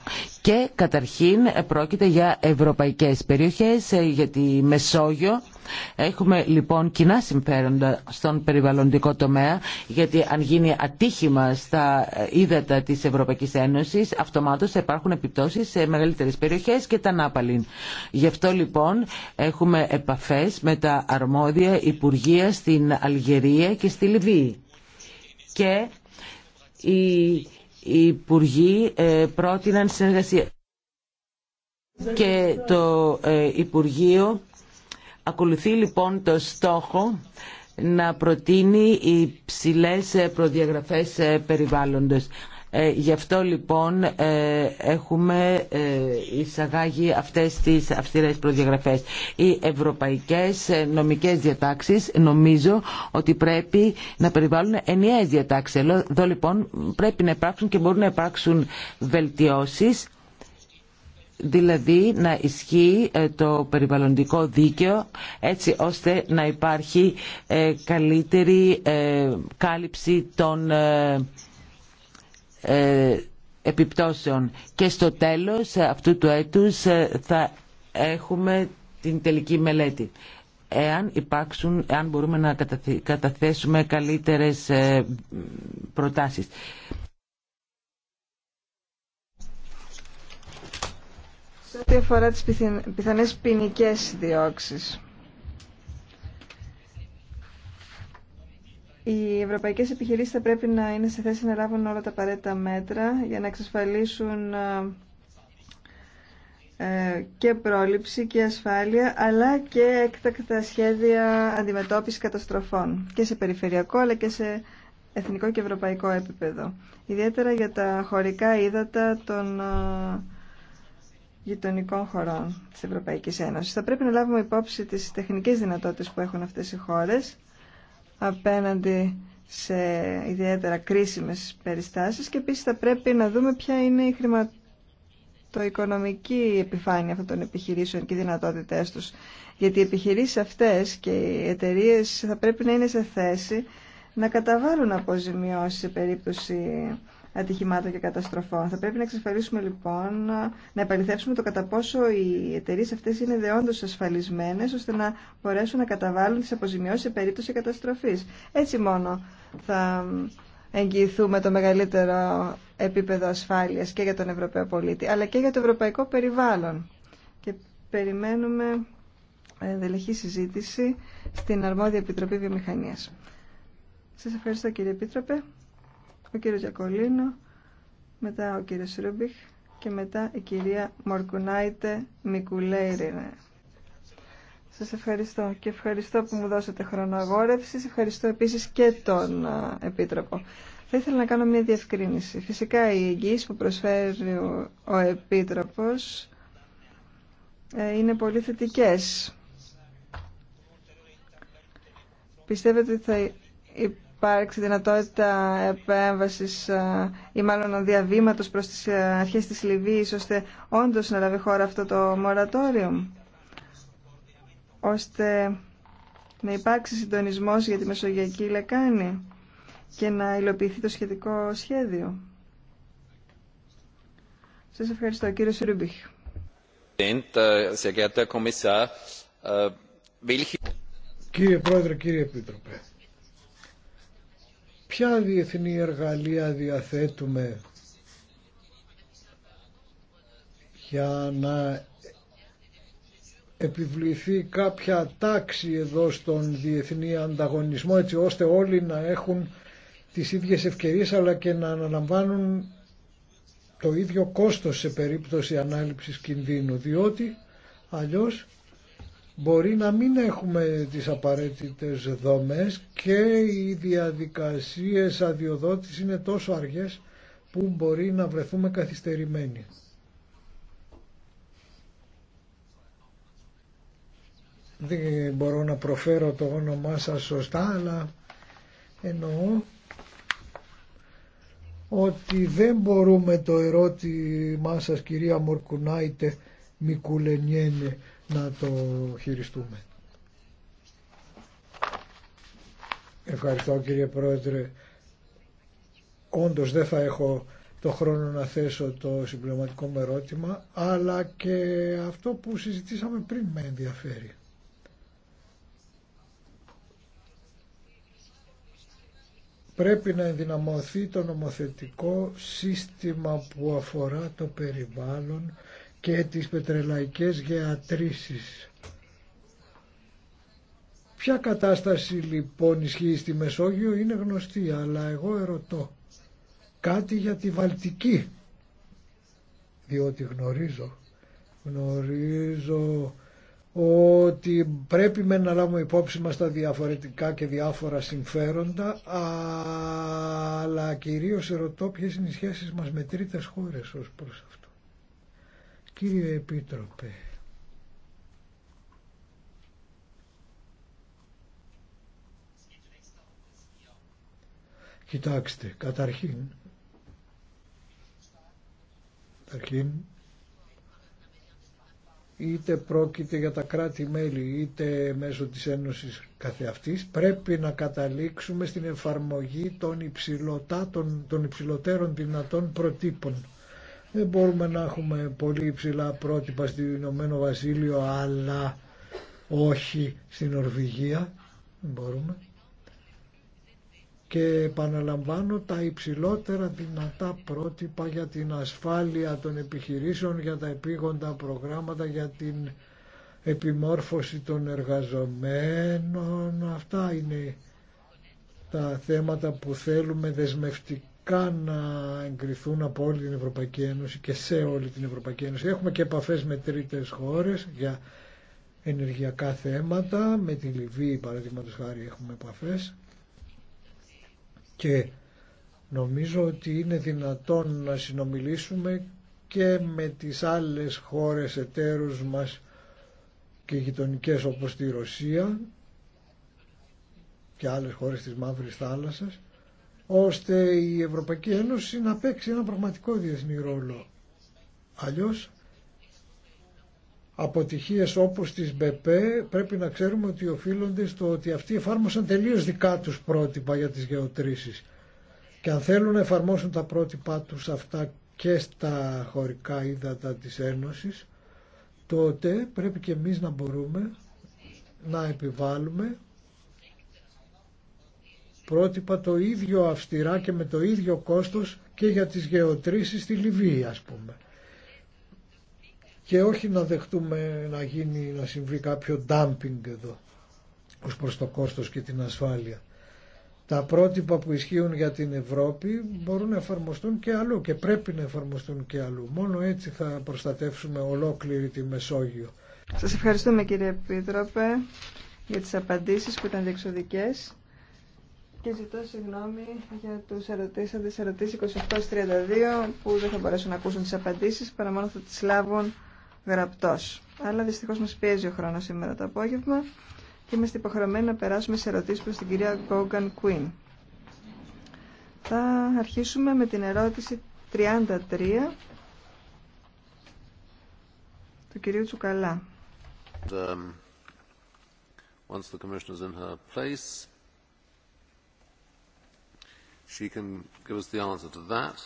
Και καταρχήν ε, πρόκειται για ευρωπαϊκές περιοχές, ε, για τη Μεσόγειο. Έχουμε λοιπόν κοινά συμφέροντα στον περιβαλλοντικό τομέα, γιατί αν γίνει ατύχημα στα ε, ύδατα της Ευρωπαϊκής Ένωσης, αυτομάτως θα υπάρχουν επιπτώσεις σε μεγαλύτερες περιοχές και τα Νάπαλιν. Γι' αυτό λοιπόν έχουμε επαφές με τα αρμόδια Υπουργεία στην Αλγερία και στη Λιβύη. Και η οι υπουργοί ε, πρότειναν συνεργασία και το ε, Υπουργείο ακολουθεί λοιπόν το στόχο να προτείνει υψηλές ε, προδιαγραφές περιβάλλοντος. Ε, γι' αυτό λοιπόν ε, έχουμε ε, εισαγάγει αυτές τις αυστηρές προδιαγραφές. Οι ευρωπαϊκές νομικές διατάξεις νομίζω ότι πρέπει να περιβάλλουν ενιαίες διατάξεις. Εδώ λοιπόν πρέπει να υπάρξουν και μπορούν να υπάρξουν βελτιώσεις δηλαδή να ισχύει το περιβαλλοντικό δίκαιο έτσι ώστε να υπάρχει καλύτερη κάλυψη των ε, επιπτώσεων. Και στο τέλος αυτού του έτους ε, θα έχουμε την τελική μελέτη. Εάν υπάρξουν, εάν μπορούμε να καταθέσουμε καλύτερες ε, προτάσεις. Σε ό,τι αφορά τις πιθανές ποινικέ διώξεις. Οι ευρωπαϊκές επιχειρήσεις θα πρέπει να είναι σε θέση να λάβουν όλα τα απαραίτητα μέτρα για να εξασφαλίσουν ε, και πρόληψη και ασφάλεια αλλά και έκτακτα σχέδια αντιμετώπισης καταστροφών και σε περιφερειακό αλλά και σε εθνικό και ευρωπαϊκό επίπεδο. Ιδιαίτερα για τα χωρικά ύδατα των ε, γειτονικών χωρών της Ευρωπαϊκής Ένωσης. Θα πρέπει να λάβουμε υπόψη τις τεχνικές δυνατότητες που έχουν αυτές οι χώρες απέναντι σε ιδιαίτερα κρίσιμες περιστάσεις και επίσης θα πρέπει να δούμε ποια είναι η χρηματοοικονομική επιφάνεια αυτών των επιχειρήσεων και οι δυνατότητές τους. Γιατί οι επιχειρήσεις αυτές και οι εταιρείε θα πρέπει να είναι σε θέση να καταβάλουν αποζημιώσεις σε περίπτωση ατυχημάτων και καταστροφών. Θα πρέπει να εξασφαλίσουμε λοιπόν, να επαληθεύσουμε το κατά πόσο οι εταιρείε αυτέ είναι δεόντω ασφαλισμένε, ώστε να μπορέσουν να καταβάλουν τι αποζημιώσει σε περίπτωση καταστροφή. Έτσι μόνο θα εγγυηθούμε το μεγαλύτερο επίπεδο ασφάλειας και για τον Ευρωπαίο πολίτη, αλλά και για το ευρωπαϊκό περιβάλλον. Και περιμένουμε ε, δελεχή συζήτηση στην Αρμόδια Επιτροπή Βιομηχανίας. Σας ευχαριστώ κύριε Επίτροπε ο κύριος Γιακολίνο, μετά ο κύριος Ρούμπιχ και μετά η κυρία Μορκουνάιτε Μικουλέιρινε. Σας ευχαριστώ και ευχαριστώ που μου δώσατε χρόνο Ευχαριστώ επίσης και τον Επίτροπο. Θα ήθελα να κάνω μια διευκρίνηση. Φυσικά η εγγύηση που προσφέρει ο Επίτροπος ε, είναι πολύ θετικές. Πιστεύετε ότι θα υπάρξει δυνατότητα επέμβασης ε, ή μάλλον διαβήματος προς τις ε, αρχές της Λιβύης ώστε όντως να λάβει χώρα αυτό το μορατόριο ώστε να υπάρξει συντονισμός για τη Μεσογειακή Λεκάνη και να υλοποιηθεί το σχετικό σχέδιο. Σας ευχαριστώ. Κύριε Σουρουμπίχ. Äh, κύριε Πρόεδρε, κύριε Επίτροπε, Ποια διεθνή εργαλεία διαθέτουμε για να επιβληθεί κάποια τάξη εδώ στον διεθνή ανταγωνισμό έτσι ώστε όλοι να έχουν τις ίδιες ευκαιρίες αλλά και να αναλαμβάνουν το ίδιο κόστος σε περίπτωση ανάληψης κινδύνου διότι αλλιώς μπορεί να μην έχουμε τις απαραίτητες δομές και οι διαδικασίες αδειοδότηση είναι τόσο αργές που μπορεί να βρεθούμε καθυστερημένοι. Δεν μπορώ να προφέρω το όνομά σας σωστά, αλλά εννοώ ότι δεν μπορούμε το ερώτημά σας κυρία Μορκουνάιτε Μικουλενιένε να το χειριστούμε. Ευχαριστώ κύριε Πρόεδρε. Όντως δεν θα έχω το χρόνο να θέσω το συμπληρωματικό μου ερώτημα, αλλά και αυτό που συζητήσαμε πριν με ενδιαφέρει. Πρέπει να ενδυναμωθεί το νομοθετικό σύστημα που αφορά το περιβάλλον και τις πετρελαϊκές γεατρήσεις. Ποια κατάσταση λοιπόν ισχύει στη Μεσόγειο είναι γνωστή, αλλά εγώ ερωτώ κάτι για τη Βαλτική, διότι γνωρίζω, γνωρίζω ότι πρέπει με να λάβουμε υπόψη μας τα διαφορετικά και διάφορα συμφέροντα, αλλά κυρίως ερωτώ ποιες είναι οι σχέσεις μας με τρίτες χώρες ως προς αυτό. Κύριε Επίτροπε, Κοιτάξτε, καταρχήν, καταρχήν είτε πρόκειται για τα κράτη-μέλη είτε μέσω της Ένωσης καθεαυτής, πρέπει να καταλήξουμε στην εφαρμογή των, υψηλωτά, των, των υψηλωτέρων δυνατών προτύπων δεν μπορούμε να έχουμε πολύ υψηλά πρότυπα στη Ηνωμένο Βασίλειο αλλά όχι στην Ορβηγία. μπορούμε. Και επαναλαμβάνω τα υψηλότερα δυνατά πρότυπα για την ασφάλεια των επιχειρήσεων, για τα επίγοντα προγράμματα, για την επιμόρφωση των εργαζομένων. Αυτά είναι τα θέματα που θέλουμε δεσμευτικά καν να εγκριθούν από όλη την Ευρωπαϊκή Ένωση και σε όλη την Ευρωπαϊκή Ένωση. Έχουμε και επαφές με τρίτες χώρες για ενεργειακά θέματα, με τη Λιβύη παραδείγματο χάρη έχουμε επαφές και νομίζω ότι είναι δυνατόν να συνομιλήσουμε και με τις άλλες χώρες εταίρους μας και γειτονικέ όπως τη Ρωσία και άλλες χώρες της Μαύρης Θάλασσας ώστε η Ευρωπαϊκή Ένωση να παίξει ένα πραγματικό διεθνή ρόλο. Αλλιώς αποτυχίες όπως της ΜΠΕ πρέπει να ξέρουμε ότι οφείλονται στο ότι αυτοί εφάρμοσαν τελείως δικά τους πρότυπα για τις γεωτρήσεις και αν θέλουν να εφαρμόσουν τα πρότυπά τους αυτά και στα χωρικά ύδατα της Ένωσης τότε πρέπει και εμείς να μπορούμε να επιβάλλουμε πρότυπα το ίδιο αυστηρά και με το ίδιο κόστος και για τις γεωτρήσεις στη Λιβύη ας πούμε. Και όχι να δεχτούμε να, γίνει, να συμβεί κάποιο dumping εδώ ως προς το κόστος και την ασφάλεια. Τα πρότυπα που ισχύουν για την Ευρώπη μπορούν να εφαρμοστούν και αλλού και πρέπει να εφαρμοστούν και αλλού. Μόνο έτσι θα προστατεύσουμε ολόκληρη τη Μεσόγειο. Σας ευχαριστούμε κύριε Επίτροπε για τις απαντήσεις που ήταν διεξοδικές. Και ζητώ συγγνώμη για του τι ερωτησει ερωτήσει 28-32 που δεν θα μπορέσουν να ακούσουν τι απαντήσει παρά μόνο θα τι λάβουν γραπτό. Αλλά δυστυχώ μα πιέζει ο χρόνο σήμερα το απόγευμα και είμαστε υποχρεωμένοι να περάσουμε σε ερωτήσει προ την κυρία Γκόγκαν Κουίν. Θα αρχίσουμε με την ερώτηση 33 του κυρίου Τσουκαλά. um, once the She can give us the answer to that.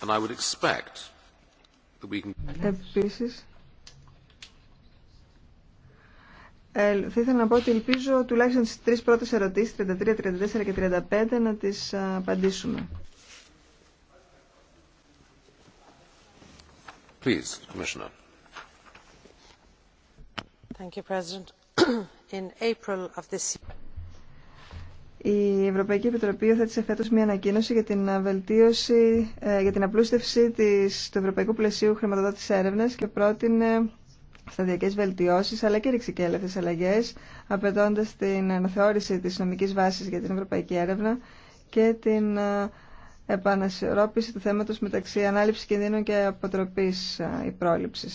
And I would expect that we can... Επίσης, ε, θα ήθελα να πω ότι ελπίζω τουλάχιστον τις τρεις πρώτες ερωτήσεις, 33, 34 και 35, να τις απαντήσουμε. Please, Commissioner. Thank you, President. In April of this year... Η Ευρωπαϊκή Επιτροπή υιοθέτησε φέτος μια ανακοίνωση για την βελτίωση, ε, για την απλούστευση της, του Ευρωπαϊκού Πλαισίου Χρηματοδότησης Έρευνα και πρότεινε σταδιακέ βελτιώσει, αλλά και ρηξικέλευτε αλλαγέ, απαιτώντα την αναθεώρηση τη νομική βάση για την Ευρωπαϊκή Έρευνα και την ε, επανασυρώπηση του θέματο μεταξύ ανάληψη κινδύνων και αποτροπή η ε, πρόληψη.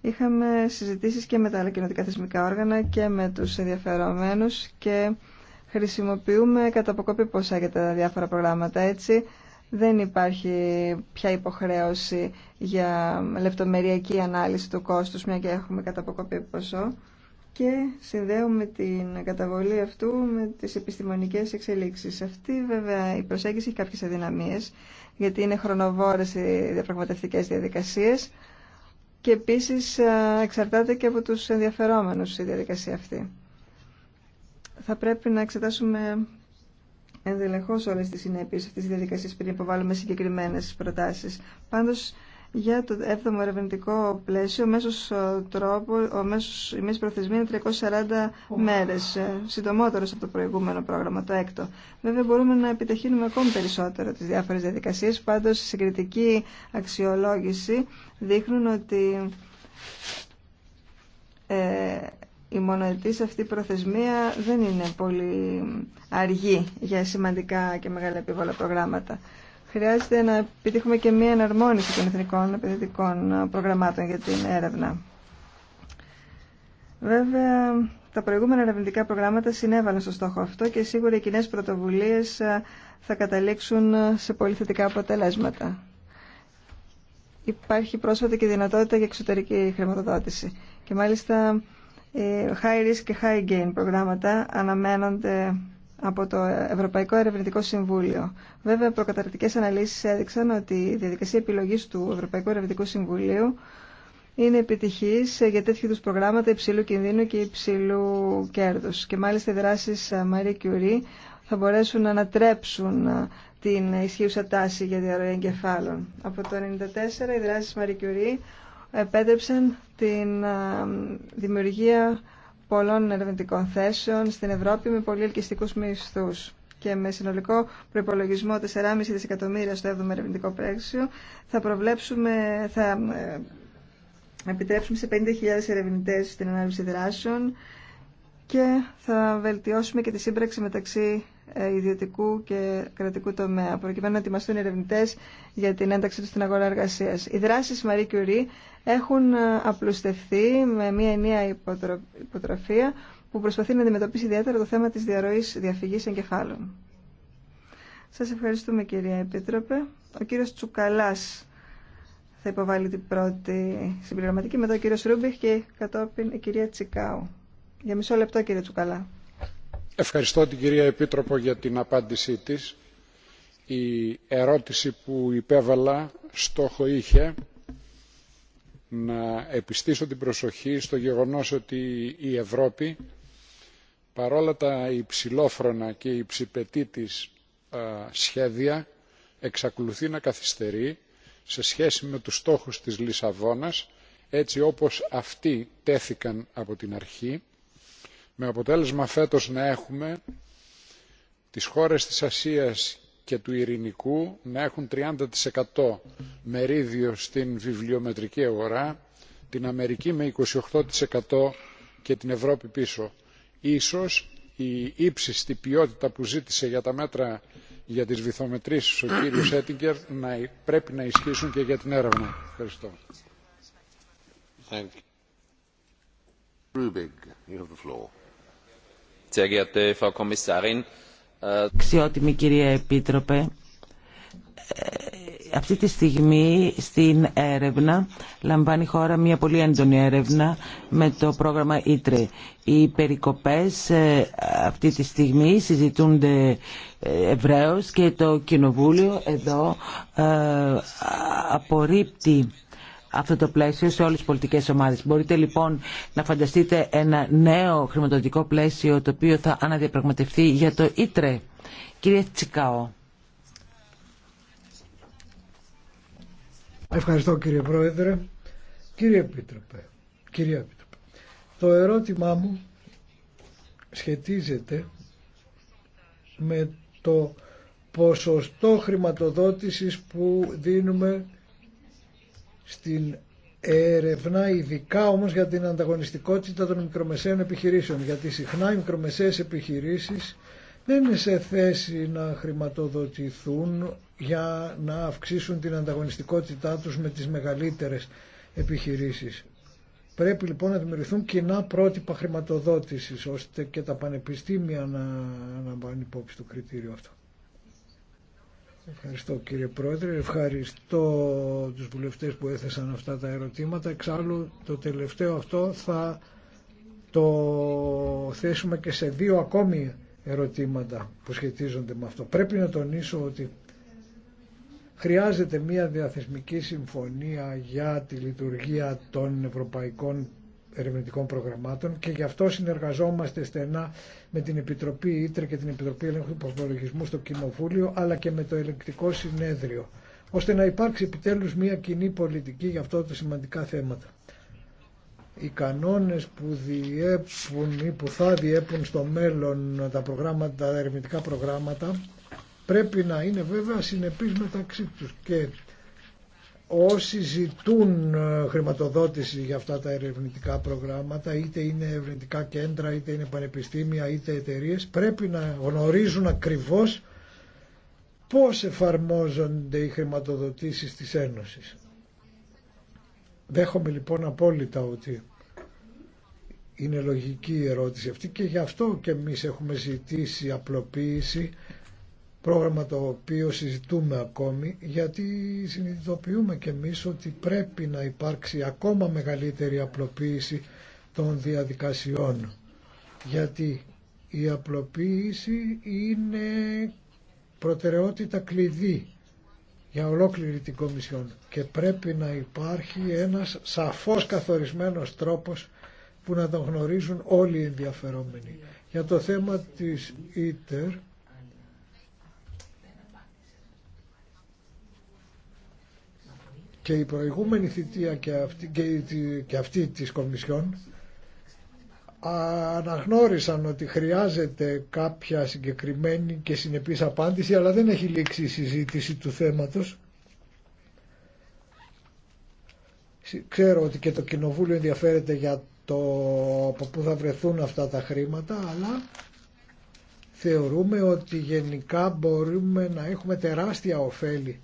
Είχαμε συζητήσει και με τα άλλα κοινωτικά θεσμικά όργανα και με του ενδιαφερόμενου και χρησιμοποιούμε κατά αποκοπή ποσά για τα διάφορα προγράμματα. Έτσι δεν υπάρχει πια υποχρέωση για λεπτομεριακή ανάλυση του κόστους, μια και έχουμε κατά αποκοπή ποσό και συνδέουμε την καταβολή αυτού με τις επιστημονικές εξελίξεις. Αυτή βέβαια η προσέγγιση έχει κάποιες αδυναμίες, γιατί είναι χρονοβόρες οι διαπραγματευτικές διαδικασίες και επίσης ε, εξαρτάται και από τους ενδιαφερόμενους η διαδικασία αυτή θα πρέπει να εξετάσουμε ενδελεχώ όλες τις συνέπειε αυτή τη διαδικασία πριν υποβάλουμε συγκεκριμένε προτάσει. Πάντω για το 7ο ερευνητικό πλαίσιο, ο μέσος ε, τρόπο, ο μέσο τροπο ο μεσος η προθεσμία είναι 340 μέρε. Συντομότερο από το προηγούμενο πρόγραμμα, το έκτο. Βέβαια μπορούμε να επιταχύνουμε ακόμη περισσότερο τι διάφορε διαδικασίε. πάντως η συγκριτική αξιολόγηση δείχνουν ότι ε, η μονοετής αυτή προθεσμία δεν είναι πολύ αργή για σημαντικά και μεγάλα επίβολα προγράμματα. Χρειάζεται να επιτύχουμε και μία εναρμόνιση των εθνικών επιδετικών προγραμμάτων για την έρευνα. Βέβαια, τα προηγούμενα ερευνητικά προγράμματα συνέβαλαν στο στόχο αυτό και σίγουρα οι κοινέ πρωτοβουλίε ε, θα καταλήξουν σε πολύ θετικά αποτελέσματα. Υπάρχει πρόσφατα και δυνατότητα για εξωτερική χρηματοδότηση. Και μάλιστα ε, high risk και high gain προγράμματα αναμένονται από το Ευρωπαϊκό Ερευνητικό Συμβούλιο. Βέβαια, προκαταρκτικές αναλύσει έδειξαν ότι η διαδικασία επιλογή του Ευρωπαϊκού Ερευνητικού Συμβουλίου είναι επιτυχής για τέτοιου είδου προγράμματα υψηλού κινδύνου και υψηλού κέρδου. Και μάλιστα οι δράσει ε, Marie Curie θα μπορέσουν να ανατρέψουν ε, την ισχύουσα τάση για διαρροή εγκεφάλων. Από το 1994 οι δράσει Marie Curie επέτρεψαν την ε, δημιουργία πολλών ερευνητικών θέσεων στην Ευρώπη με πολύ ελκυστικού μισθού και με συνολικό προπολογισμό 4,5 δισεκατομμύρια στο 7ο ερευνητικό πρέξιο θα θα ε, επιτρέψουμε σε 50.000 ερευνητέ στην ανάλυση δράσεων και θα βελτιώσουμε και τη σύμπραξη μεταξύ ε, ιδιωτικού και κρατικού τομέα, προκειμένου να ετοιμαστούν οι ερευνητέ για την ένταξή του στην αγορά εργασία. Οι δράσει Marie Curie έχουν ε, απλουστευθεί με μια ενιαία υποτροφία που προσπαθεί να αντιμετωπίσει ιδιαίτερα το θέμα τη διαρροή διαφυγή εγκεφάλων. Σα ευχαριστούμε, κυρία Επίτροπε. Ο κύριο Τσουκαλά θα υποβάλει την πρώτη συμπληρωματική, μετά ο κύριο Ρούμπιχ και κατόπιν η κυρία Τσικάου. Για μισό λεπτό κύριε Τσουκαλά. Ευχαριστώ την κυρία Επίτροπο για την απάντησή της. Η ερώτηση που υπέβαλα στόχο είχε να επιστήσω την προσοχή στο γεγονός ότι η Ευρώπη παρόλα τα υψηλόφρονα και υψηπετή της σχέδια εξακολουθεί να καθυστερεί σε σχέση με τους στόχους της Λισαβόνας έτσι όπως αυτοί τέθηκαν από την αρχή με αποτέλεσμα φέτος να έχουμε τις χώρες της Ασίας και του Ειρηνικού να έχουν 30% μερίδιο στην βιβλιομετρική αγορά, την Αμερική με 28% και την Ευρώπη πίσω. Ίσως η ύψιστη ποιότητα που ζήτησε για τα μέτρα για τις βυθομετρήσεις ο κύριος Έτιγκερ να, πρέπει να ισχύσουν και για την έρευνα. Ευχαριστώ. Thank you sehr geehrte äh, κυρία Επίτροπε, ε, αυτή τη στιγμή στην έρευνα λαμβάνει χώρα μια πολύ έντονη έρευνα με το πρόγραμμα ΙΤΡΕ. Οι περικοπές ε, αυτή τη στιγμή συζητούνται ε, ευρέως και το Κοινοβούλιο εδώ απορρίπτει αυτό το πλαίσιο σε όλες τις πολιτικές ομάδες. Μπορείτε λοιπόν να φανταστείτε ένα νέο χρηματοδοτικό πλαίσιο το οποίο θα αναδιαπραγματευτεί για το ΙΤΡΕ. Κύριε Τσικάο. Ευχαριστώ κύριε Πρόεδρε. Κύριε Επίτροπε, κύριε Επίτροπε, το ερώτημά μου σχετίζεται με το ποσοστό χρηματοδότησης που δίνουμε στην έρευνα, ειδικά όμως για την ανταγωνιστικότητα των μικρομεσαίων επιχειρήσεων, γιατί συχνά οι μικρομεσαίες επιχειρήσεις δεν είναι σε θέση να χρηματοδοτηθούν για να αυξήσουν την ανταγωνιστικότητά τους με τις μεγαλύτερες επιχειρήσεις. Πρέπει λοιπόν να δημιουργηθούν κοινά πρότυπα χρηματοδότησης, ώστε και τα πανεπιστήμια να, να πάνε υπόψη το κριτήριο αυτό. Ευχαριστώ κύριε Πρόεδρε, ευχαριστώ τους βουλευτές που έθεσαν αυτά τα ερωτήματα. Εξάλλου το τελευταίο αυτό θα το θέσουμε και σε δύο ακόμη ερωτήματα που σχετίζονται με αυτό. Πρέπει να τονίσω ότι χρειάζεται μια διαθεσμική συμφωνία για τη λειτουργία των ευρωπαϊκών ερευνητικών προγραμμάτων και γι' αυτό συνεργαζόμαστε στενά με την Επιτροπή Ήτρε και την Επιτροπή Ελέγχου Προπολογισμού στο Κοινοβούλιο αλλά και με το Ελεκτικό Συνέδριο ώστε να υπάρξει επιτέλους μια κοινή πολιτική για αυτό τα σημαντικά θέματα. Οι κανόνες που διέπουν ή που θα διέπουν στο μέλλον τα, προγράμματα, τα ερευνητικά προγράμματα πρέπει να είναι βέβαια συνεπείς μεταξύ τους και όσοι ζητούν ε, χρηματοδότηση για αυτά τα ερευνητικά προγράμματα, είτε είναι ερευνητικά κέντρα, είτε είναι πανεπιστήμια, είτε εταιρείε, πρέπει να γνωρίζουν ακριβώς πώ εφαρμόζονται οι χρηματοδοτήσει τη Ένωση. Δέχομαι λοιπόν απόλυτα ότι είναι λογική η ερώτηση αυτή και γι' αυτό και εμείς έχουμε ζητήσει απλοποίηση πρόγραμμα το οποίο συζητούμε ακόμη γιατί συνειδητοποιούμε και εμείς ότι πρέπει να υπάρξει ακόμα μεγαλύτερη απλοποίηση των διαδικασιών γιατί η απλοποίηση είναι προτεραιότητα κλειδί για ολόκληρη την Κομισιόν και πρέπει να υπάρχει ένας σαφώς καθορισμένος τρόπος που να τον γνωρίζουν όλοι οι ενδιαφερόμενοι. Για το θέμα της ΙΤΕΡ και η προηγούμενη θητεία και αυτή, και, και αυτή της Κομισιόν αναγνώρισαν ότι χρειάζεται κάποια συγκεκριμένη και συνεπής απάντηση αλλά δεν έχει λήξει η συζήτηση του θέματος. Ξέρω ότι και το Κοινοβούλιο ενδιαφέρεται για το από πού θα βρεθούν αυτά τα χρήματα αλλά θεωρούμε ότι γενικά μπορούμε να έχουμε τεράστια ωφέλη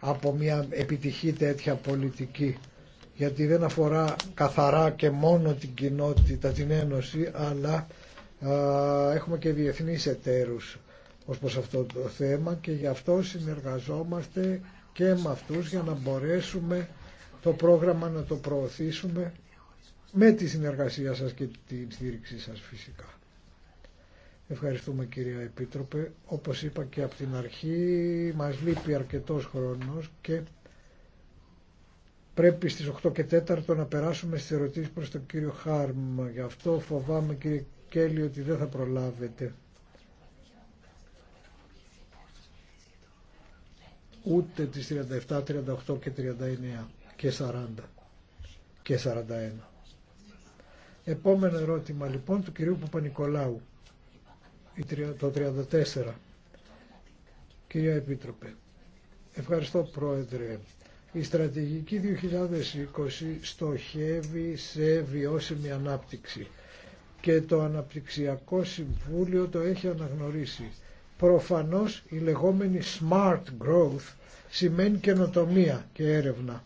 από μια επιτυχή τέτοια πολιτική γιατί δεν αφορά καθαρά και μόνο την κοινότητα, την ένωση αλλά έχουμε και διεθνείς εταίρους ως προς αυτό το θέμα και γι' αυτό συνεργαζόμαστε και με αυτούς για να μπορέσουμε το πρόγραμμα να το προωθήσουμε με τη συνεργασία σας και την στήριξή σας φυσικά. Ευχαριστούμε κυρία Επίτροπε. Όπως είπα και από την αρχή μας λείπει αρκετός χρόνος και πρέπει στις 8 και 4 να περάσουμε στις ερωτήσεις προς τον κύριο Χάρμ. Γι' αυτό φοβάμαι κύριε Κέλλη ότι δεν θα προλάβετε. Ούτε τις 37, 38 και 39 και 40 και 41. Επόμενο ερώτημα λοιπόν του κυρίου Παπα-Νικολάου το 34. Κυρία Επίτροπε, ευχαριστώ Πρόεδρε. Η στρατηγική 2020 στοχεύει σε βιώσιμη ανάπτυξη και το Αναπτυξιακό Συμβούλιο το έχει αναγνωρίσει. Προφανώς η λεγόμενη smart growth σημαίνει καινοτομία και έρευνα.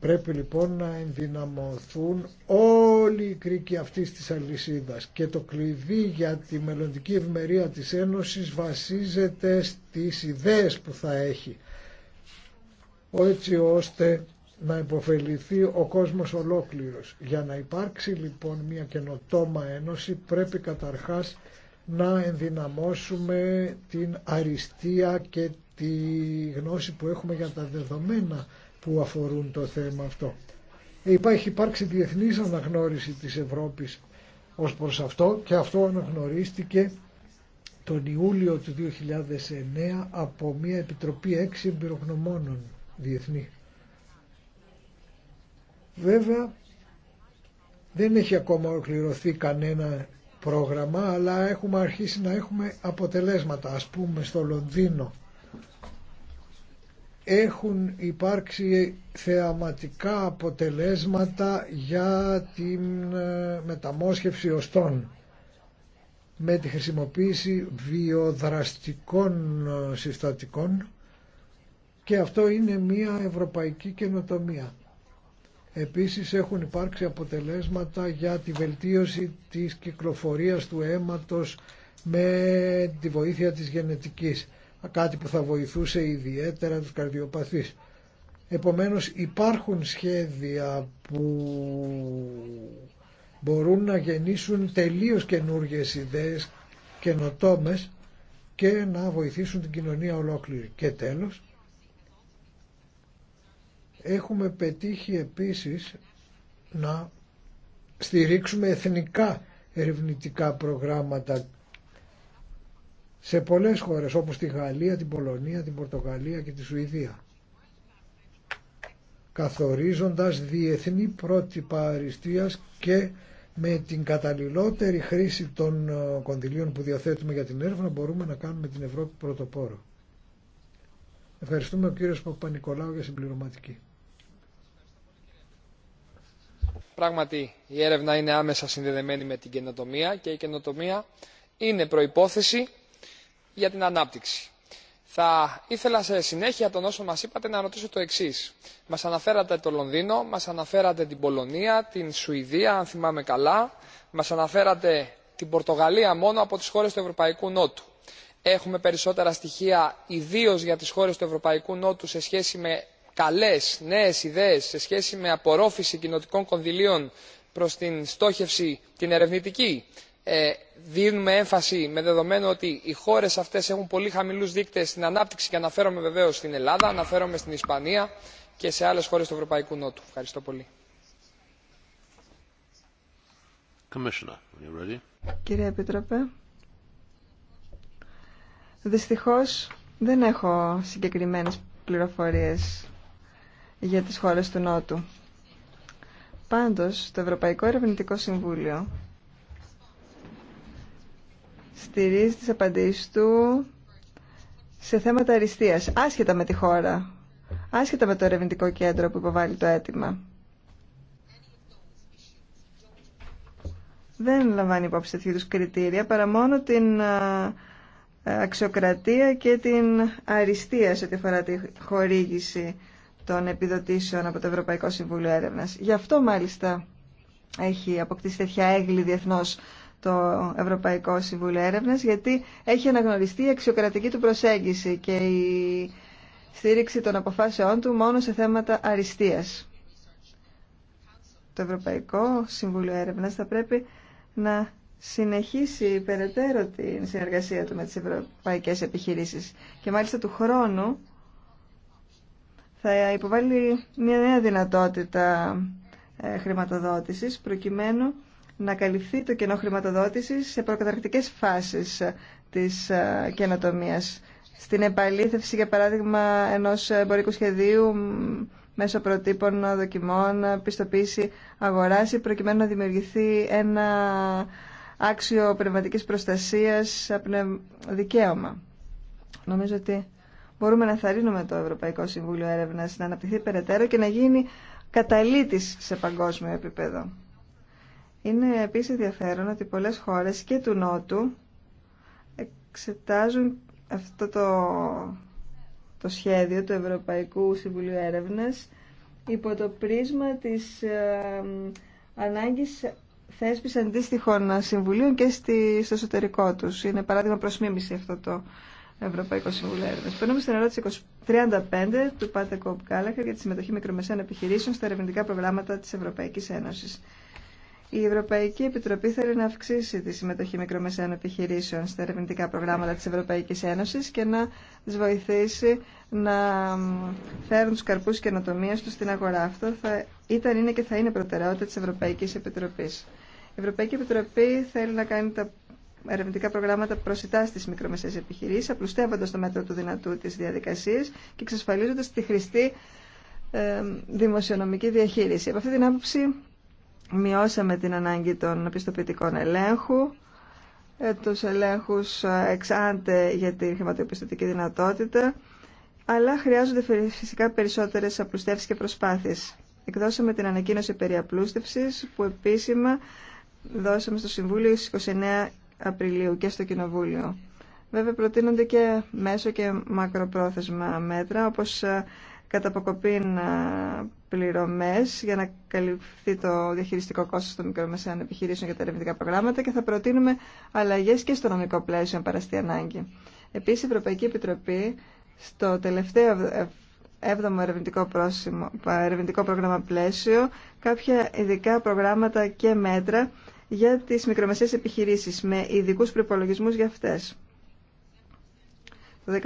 Πρέπει λοιπόν να ενδυναμωθούν όλοι οι κρίκοι αυτής της αλυσίδας και το κλειδί για τη μελλοντική ευμερία της Ένωσης βασίζεται στις ιδέες που θα έχει έτσι ώστε να υποφεληθεί ο κόσμος ολόκληρος. Για να υπάρξει λοιπόν μια καινοτόμα ένωση πρέπει καταρχάς να ενδυναμώσουμε την αριστεία και τη γνώση που έχουμε για τα δεδομένα που αφορούν το θέμα αυτό. Υπάρχει υπάρξει διεθνής αναγνώριση της Ευρώπης ως προς αυτό και αυτό αναγνωρίστηκε τον Ιούλιο του 2009 από μια επιτροπή έξι εμπειρογνωμόνων διεθνή. Βέβαια δεν έχει ακόμα ολοκληρωθεί κανένα πρόγραμμα αλλά έχουμε αρχίσει να έχουμε αποτελέσματα ας πούμε στο Λονδίνο έχουν υπάρξει θεαματικά αποτελέσματα για την ε, μεταμόσχευση οστών με τη χρησιμοποίηση βιοδραστικών ε, συστατικών και αυτό είναι μια ευρωπαϊκή καινοτομία. Επίσης έχουν υπάρξει αποτελέσματα για τη βελτίωση της κυκλοφορίας του αίματος με τη βοήθεια της γενετικής κάτι που θα βοηθούσε ιδιαίτερα τους καρδιοπαθείς. Επομένως υπάρχουν σχέδια που μπορούν να γεννήσουν τελείως καινούργιες ιδέες καινοτόμε και να βοηθήσουν την κοινωνία ολόκληρη. Και τέλος, έχουμε πετύχει επίσης να στηρίξουμε εθνικά ερευνητικά προγράμματα σε πολλές χώρες όπως τη Γαλλία, την Πολωνία, την Πορτογαλία και τη Σουηδία καθορίζοντας διεθνή πρότυπα αριστείας και με την καταλληλότερη χρήση των ε, κονδυλίων που διαθέτουμε για την έρευνα μπορούμε να κάνουμε την Ευρώπη πρωτοπόρο. Ευχαριστούμε ο κύριος Παπα-Νικολάου για συμπληρωματική. Πράγματι η έρευνα είναι άμεσα συνδεδεμένη με την καινοτομία και η καινοτομία είναι προϋπόθεση για την ανάπτυξη. Θα ήθελα σε συνέχεια των όσων μας είπατε να ρωτήσω το εξής. Μας αναφέρατε το Λονδίνο, μας αναφέρατε την Πολωνία, την Σουηδία αν θυμάμαι καλά, μας αναφέρατε την Πορτογαλία μόνο από τις χώρες του Ευρωπαϊκού Νότου. Έχουμε περισσότερα στοιχεία ιδίω για τις χώρες του Ευρωπαϊκού Νότου σε σχέση με καλές νέες ιδέες, σε σχέση με απορρόφηση κοινοτικών κονδυλίων προς την στόχευση την ερευνητική ε, δίνουμε έμφαση με δεδομένο ότι οι χώρε αυτέ έχουν πολύ χαμηλού δείκτε στην ανάπτυξη και αναφέρομαι βεβαίω στην ελλάδα αναφέρομαι στην ισπανία και σε άλλε χώρε του ευρωπαϊκού νότου. Ευχαριστώ πολύ. Κύριε Επίτροπε, δυστυχώς δεν έχω συγκεκριμένε πληροφορίε για τι χώρε του Νότου. Πάντως, το Ευρωπαϊκό Ερευνητικό Συμβούλιο στηρίζει τις απαντήσεις του σε θέματα αριστείας, άσχετα με τη χώρα, άσχετα με το ερευνητικό κέντρο που υποβάλλει το αίτημα. Δεν λαμβάνει υπόψη τέτοιου κριτήρια, παρά μόνο την αξιοκρατία και την αριστεία σε ό,τι αφορά τη χορήγηση των επιδοτήσεων από το Ευρωπαϊκό Συμβούλιο Έρευνας. Γι' αυτό μάλιστα έχει αποκτήσει τέτοια έγκλη διεθνώς το Ευρωπαϊκό Συμβούλιο Έρευνα, γιατί έχει αναγνωριστεί η αξιοκρατική του προσέγγιση και η στήριξη των αποφάσεών του μόνο σε θέματα αριστείας. Το Ευρωπαϊκό Συμβούλιο Έρευνα θα πρέπει να συνεχίσει περαιτέρω την συνεργασία του με τις ευρωπαϊκές επιχειρήσεις και μάλιστα του χρόνου θα υποβάλει μια νέα δυνατότητα ε, χρηματοδότησης προκειμένου να καλυφθεί το κενό χρηματοδότησης σε προκαταρκτικές φάσεις της ε, καινοτομίας. Στην επαλήθευση, για παράδειγμα, ενός εμπορικού σχεδίου μέσω προτύπων δοκιμών, πιστοποίηση αγοράση, προκειμένου να δημιουργηθεί ένα άξιο πνευματικής προστασίας δικαίωμα. Νομίζω ότι μπορούμε να θαρρύνουμε το Ευρωπαϊκό Συμβούλιο Έρευνας να αναπτυχθεί περαιτέρω και να γίνει καταλήτης σε παγκόσμιο επίπεδο. Είναι επίσης ενδιαφέρον ότι πολλές χώρες και του Νότου εξετάζουν αυτό το, το σχέδιο του Ευρωπαϊκού Συμβουλίου Έρευνας υπό το πρίσμα της ε, ανάγκης θέσπισης αντίστοιχων συμβουλίων και στη, στο εσωτερικό τους. Είναι παράδειγμα προς αυτό το Ευρωπαϊκό Συμβουλίο Έρευνας. Περνούμε στην ερώτηση 35 του Πάτε Κόμπ Κάλαχερ για τη συμμετοχή μικρομεσαίων επιχειρήσεων στα ερευνητικά προγράμματα της Ευρωπαϊκής Ένωσης. Η Ευρωπαϊκή Επιτροπή θέλει να αυξήσει τη συμμετοχή μικρομεσαίων επιχειρήσεων στα ερευνητικά προγράμματα της Ευρωπαϊκής Ένωσης και να τις βοηθήσει να φέρουν τους καρπούς καινοτομία τους στην αγορά. Αυτό ήταν, είναι και θα είναι προτεραιότητα της Ευρωπαϊκής Επιτροπής. Η Ευρωπαϊκή Επιτροπή θέλει να κάνει τα ερευνητικά προγράμματα προσιτά στι μικρομεσαίε επιχειρήσει, απλουστεύοντα το μέτρο του δυνατού τη διαδικασία και εξασφαλίζοντα τη χρηστή ε, δημοσιονομική διαχείριση. Από αυτή την άποψη μειώσαμε την ανάγκη των πιστοποιητικών ελέγχου, ε, τους ελέγχους ε, εξάντε για την χρηματοπιστωτική δυνατότητα, αλλά χρειάζονται φυσικά περισσότερες απλουστεύσεις και προσπάθειες. Εκδώσαμε την ανακοίνωση περί που επίσημα δώσαμε στο Συμβούλιο στις 29 Απριλίου και στο Κοινοβούλιο. Βέβαια προτείνονται και μέσο και μακροπρόθεσμα μέτρα όπως ε, κατά πληρωμές για να καλυφθεί το διαχειριστικό κόστος των μικρομεσαίων επιχειρήσεων για τα ερευνητικά προγράμματα και θα προτείνουμε αλλαγές και στο νομικό πλαίσιο αν παραστεί ανάγκη. Επίσης, η Ευρωπαϊκή Επιτροπή στο τελευταιο έβδομο ερευνητικό, πρόγραμμα πλαίσιο κάποια ειδικά προγράμματα και μέτρα για τις μικρομεσαίες επιχειρήσεις με ειδικού προπολογισμού για αυτές. Το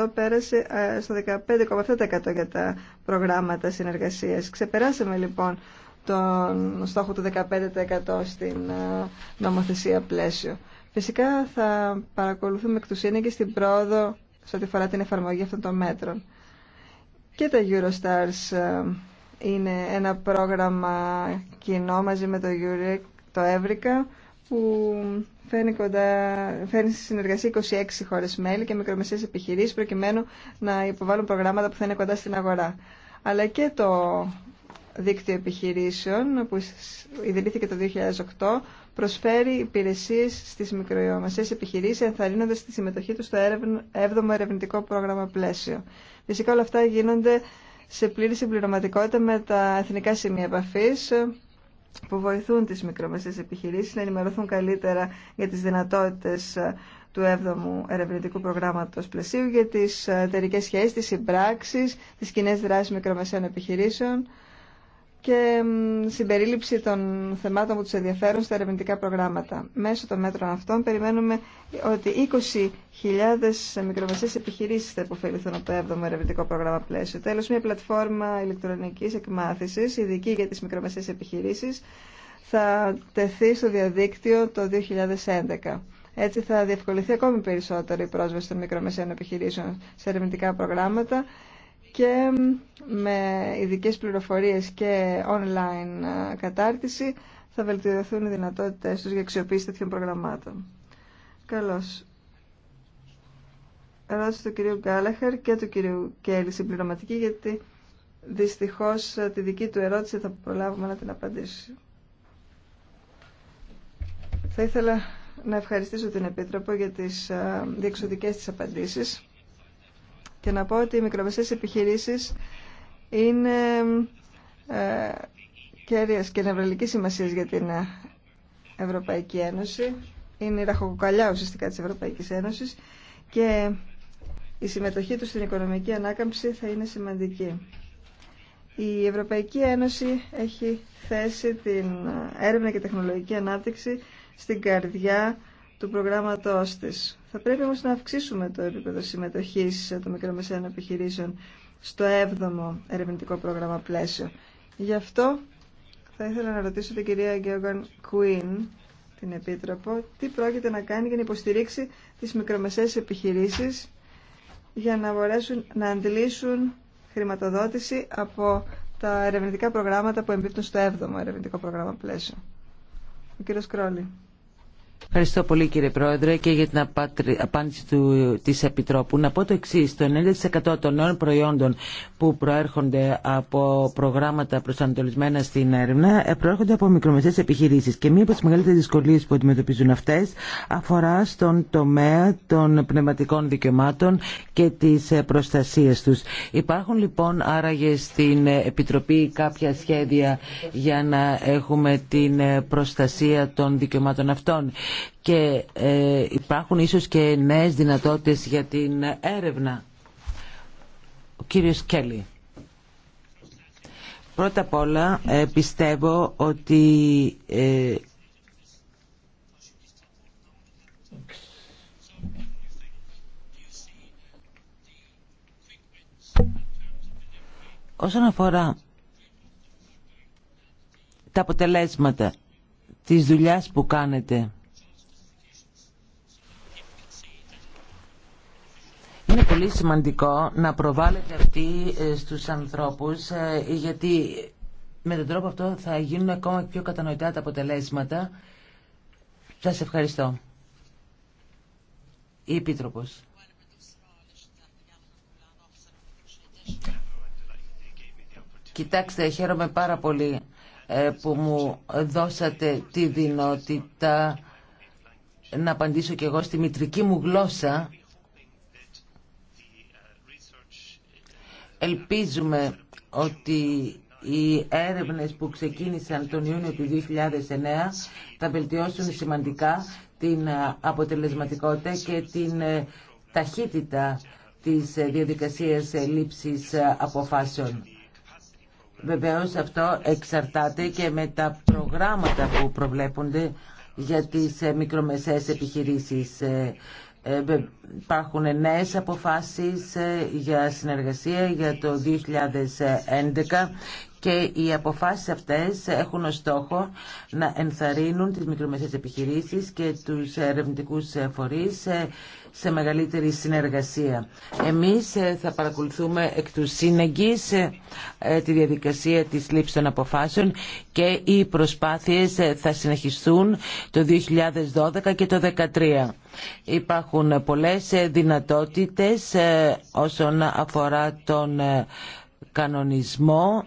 14,7% πέρασε ε, στο 15,7% για τα προγράμματα συνεργασίας. Ξεπεράσαμε λοιπόν τον στόχο του 15% στην ε, νομοθεσία πλαίσιο. Φυσικά θα παρακολουθούμε εκ του και στην πρόοδο σε ό,τι αφορά την εφαρμογή αυτών των μέτρων. Και τα Eurostars ε, είναι ένα πρόγραμμα κοινό μαζί με το Eurek, το Εύρικα που φέρνει, κοντά, φέρνει στη συνεργασία 26 χώρε μέλη και μικρομεσαίες επιχειρήσεις προκειμένου να υποβάλουν προγράμματα που θα είναι κοντά στην αγορά. Αλλά και το δίκτυο επιχειρήσεων που ιδρύθηκε το 2008 προσφέρει υπηρεσίες στις μικρομεσαίες επιχειρήσεις ενθαρρύνοντας τη συμμετοχή του στο 7ο ερευνητικό πρόγραμμα πλαίσιο. Φυσικά όλα αυτά γίνονται σε πλήρη συμπληρωματικότητα με τα εθνικά σημεία επαφής που βοηθούν τις μικρομεσαίες επιχειρήσεις να ενημερωθούν καλύτερα για τις δυνατότητες ε, του 7ου ερευνητικού προγράμματος πλαισίου, για τις ε, εταιρικέ σχέσεις, τις συμπράξεις, τις κοινέ δράσεις μικρομεσαίων επιχειρήσεων και συμπερίληψη των θεμάτων που τους ενδιαφέρουν στα ερευνητικά προγράμματα. Μέσω των μέτρων αυτών περιμένουμε ότι 20.000 μικρομεσαίες επιχειρήσεις θα υποφεληθούν από το 7ο ερευνητικό πρόγραμμα πλαίσιο. Τέλος, μια πλατφόρμα ηλεκτρονικής εκμάθησης, ειδική για τις μικρομεσαίες επιχειρήσεις, θα τεθεί στο διαδίκτυο το 2011. Έτσι θα διευκολυνθεί ακόμη περισσότερο η πρόσβαση των μικρομεσαίων επιχειρήσεων σε ερευνητικά προγράμματα και με ειδικέ πληροφορίες και online ε, κατάρτιση θα βελτιωθούν οι δυνατότητες τους για αξιοποίηση τέτοιων προγραμμάτων. Καλώς. Ερώτηση του κυρίου Γκάλαχερ και του κυρίου Κέλλη συμπληρωματική γιατί δυστυχώς ε, τη δική του ερώτηση θα προλάβουμε να την απαντήσει. Θα ήθελα να ευχαριστήσω την Επίτροπο για τις ε, διεξοδικές της απαντήσεις. Και να πω ότι οι μικρομεσαίες επιχειρήσεις είναι ε, κέρδιας και νευραλικής σημασίας για την ε, Ευρωπαϊκή Ένωση. Είναι η ραχοκοκαλιά ουσιαστικά της Ευρωπαϊκής Ένωσης και η συμμετοχή τους στην οικονομική ανάκαμψη θα είναι σημαντική. Η Ευρωπαϊκή Ένωση έχει θέσει την ε, έρευνα και τεχνολογική ανάπτυξη στην καρδιά του προγράμματός της. Θα πρέπει όμως να αυξήσουμε το επίπεδο συμμετοχής των μικρομεσαίων επιχειρήσεων στο 7ο ερευνητικό πρόγραμμα πλαίσιο. Γι' αυτό θα ήθελα να ρωτήσω την κυρία Γκέογκαν Κουίν, την Επίτροπο, τι πρόκειται να κάνει για να υποστηρίξει τις μικρομεσαίες επιχειρήσεις για να μπορέσουν να αντιλήσουν χρηματοδότηση από τα ερευνητικά προγράμματα που εμπίπτουν στο 7ο ερευνητικό πρόγραμμα πλαίσιο. Ο κύριος Κρόλη. Ευχαριστώ πολύ κύριε Πρόεδρε και για την απάντηση του, της Επιτρόπου. Να πω το εξή. Το 90% των νέων προϊόντων που προέρχονται από προγράμματα προσανατολισμένα στην έρευνα ε, προέρχονται από μικρομεσαίες επιχειρήσεις. Και μία από τις μεγαλύτερες δυσκολίες που αντιμετωπίζουν αυτές αφορά στον τομέα των πνευματικών δικαιωμάτων και της ε, προστασίας τους. Υπάρχουν λοιπόν άραγε στην ε, Επιτροπή κάποια σχέδια για να έχουμε την προστασία των δικαιωμάτων αυτών και ε, υπάρχουν ίσως και νέες δυνατότητες για την έρευνα. Ο κύριος Κέλλη. Πρώτα απ' όλα ε, πιστεύω ότι ε, όσον αφορά τα αποτελέσματα της δουλειάς που κάνετε Είναι πολύ σημαντικό να προβάλλεται αυτή ε, στους ανθρώπους ε, γιατί με τον τρόπο αυτό θα γίνουν ακόμα πιο κατανοητά τα αποτελέσματα. Σας ευχαριστώ. Η Επίτροπος. Κοιτάξτε, χαίρομαι πάρα πολύ ε, που μου δώσατε τη δυνατότητα να απαντήσω και εγώ στη μητρική μου γλώσσα Ελπίζουμε ότι οι έρευνες που ξεκίνησαν τον Ιούνιο του 2009 θα βελτιώσουν σημαντικά την αποτελεσματικότητα και την ε, ταχύτητα της ε, διαδικασίας ε, λήψης αποφάσεων. Βεβαίως αυτό εξαρτάται και με τα προγράμματα που προβλέπονται για τις μικρομεσαίες επιχειρήσεις. Ε, υπάρχουν νέες αποφάσεις ε, για συνεργασία για το 2011 και οι αποφάσεις αυτές έχουν ως στόχο να ενθαρρύνουν τις μικρομεσαίες επιχειρήσεις και τους ερευνητικούς φορείς ε, σε μεγαλύτερη συνεργασία. Εμείς ε, θα παρακολουθούμε εκ του σύνεγγυς ε, ε, τη διαδικασία της λήψης των αποφάσεων και οι προσπάθειες θα συνεχιστούν το 2012 και το 2013. Υπάρχουν πολλές δυνατότητες όσον αφορά τον κανονισμό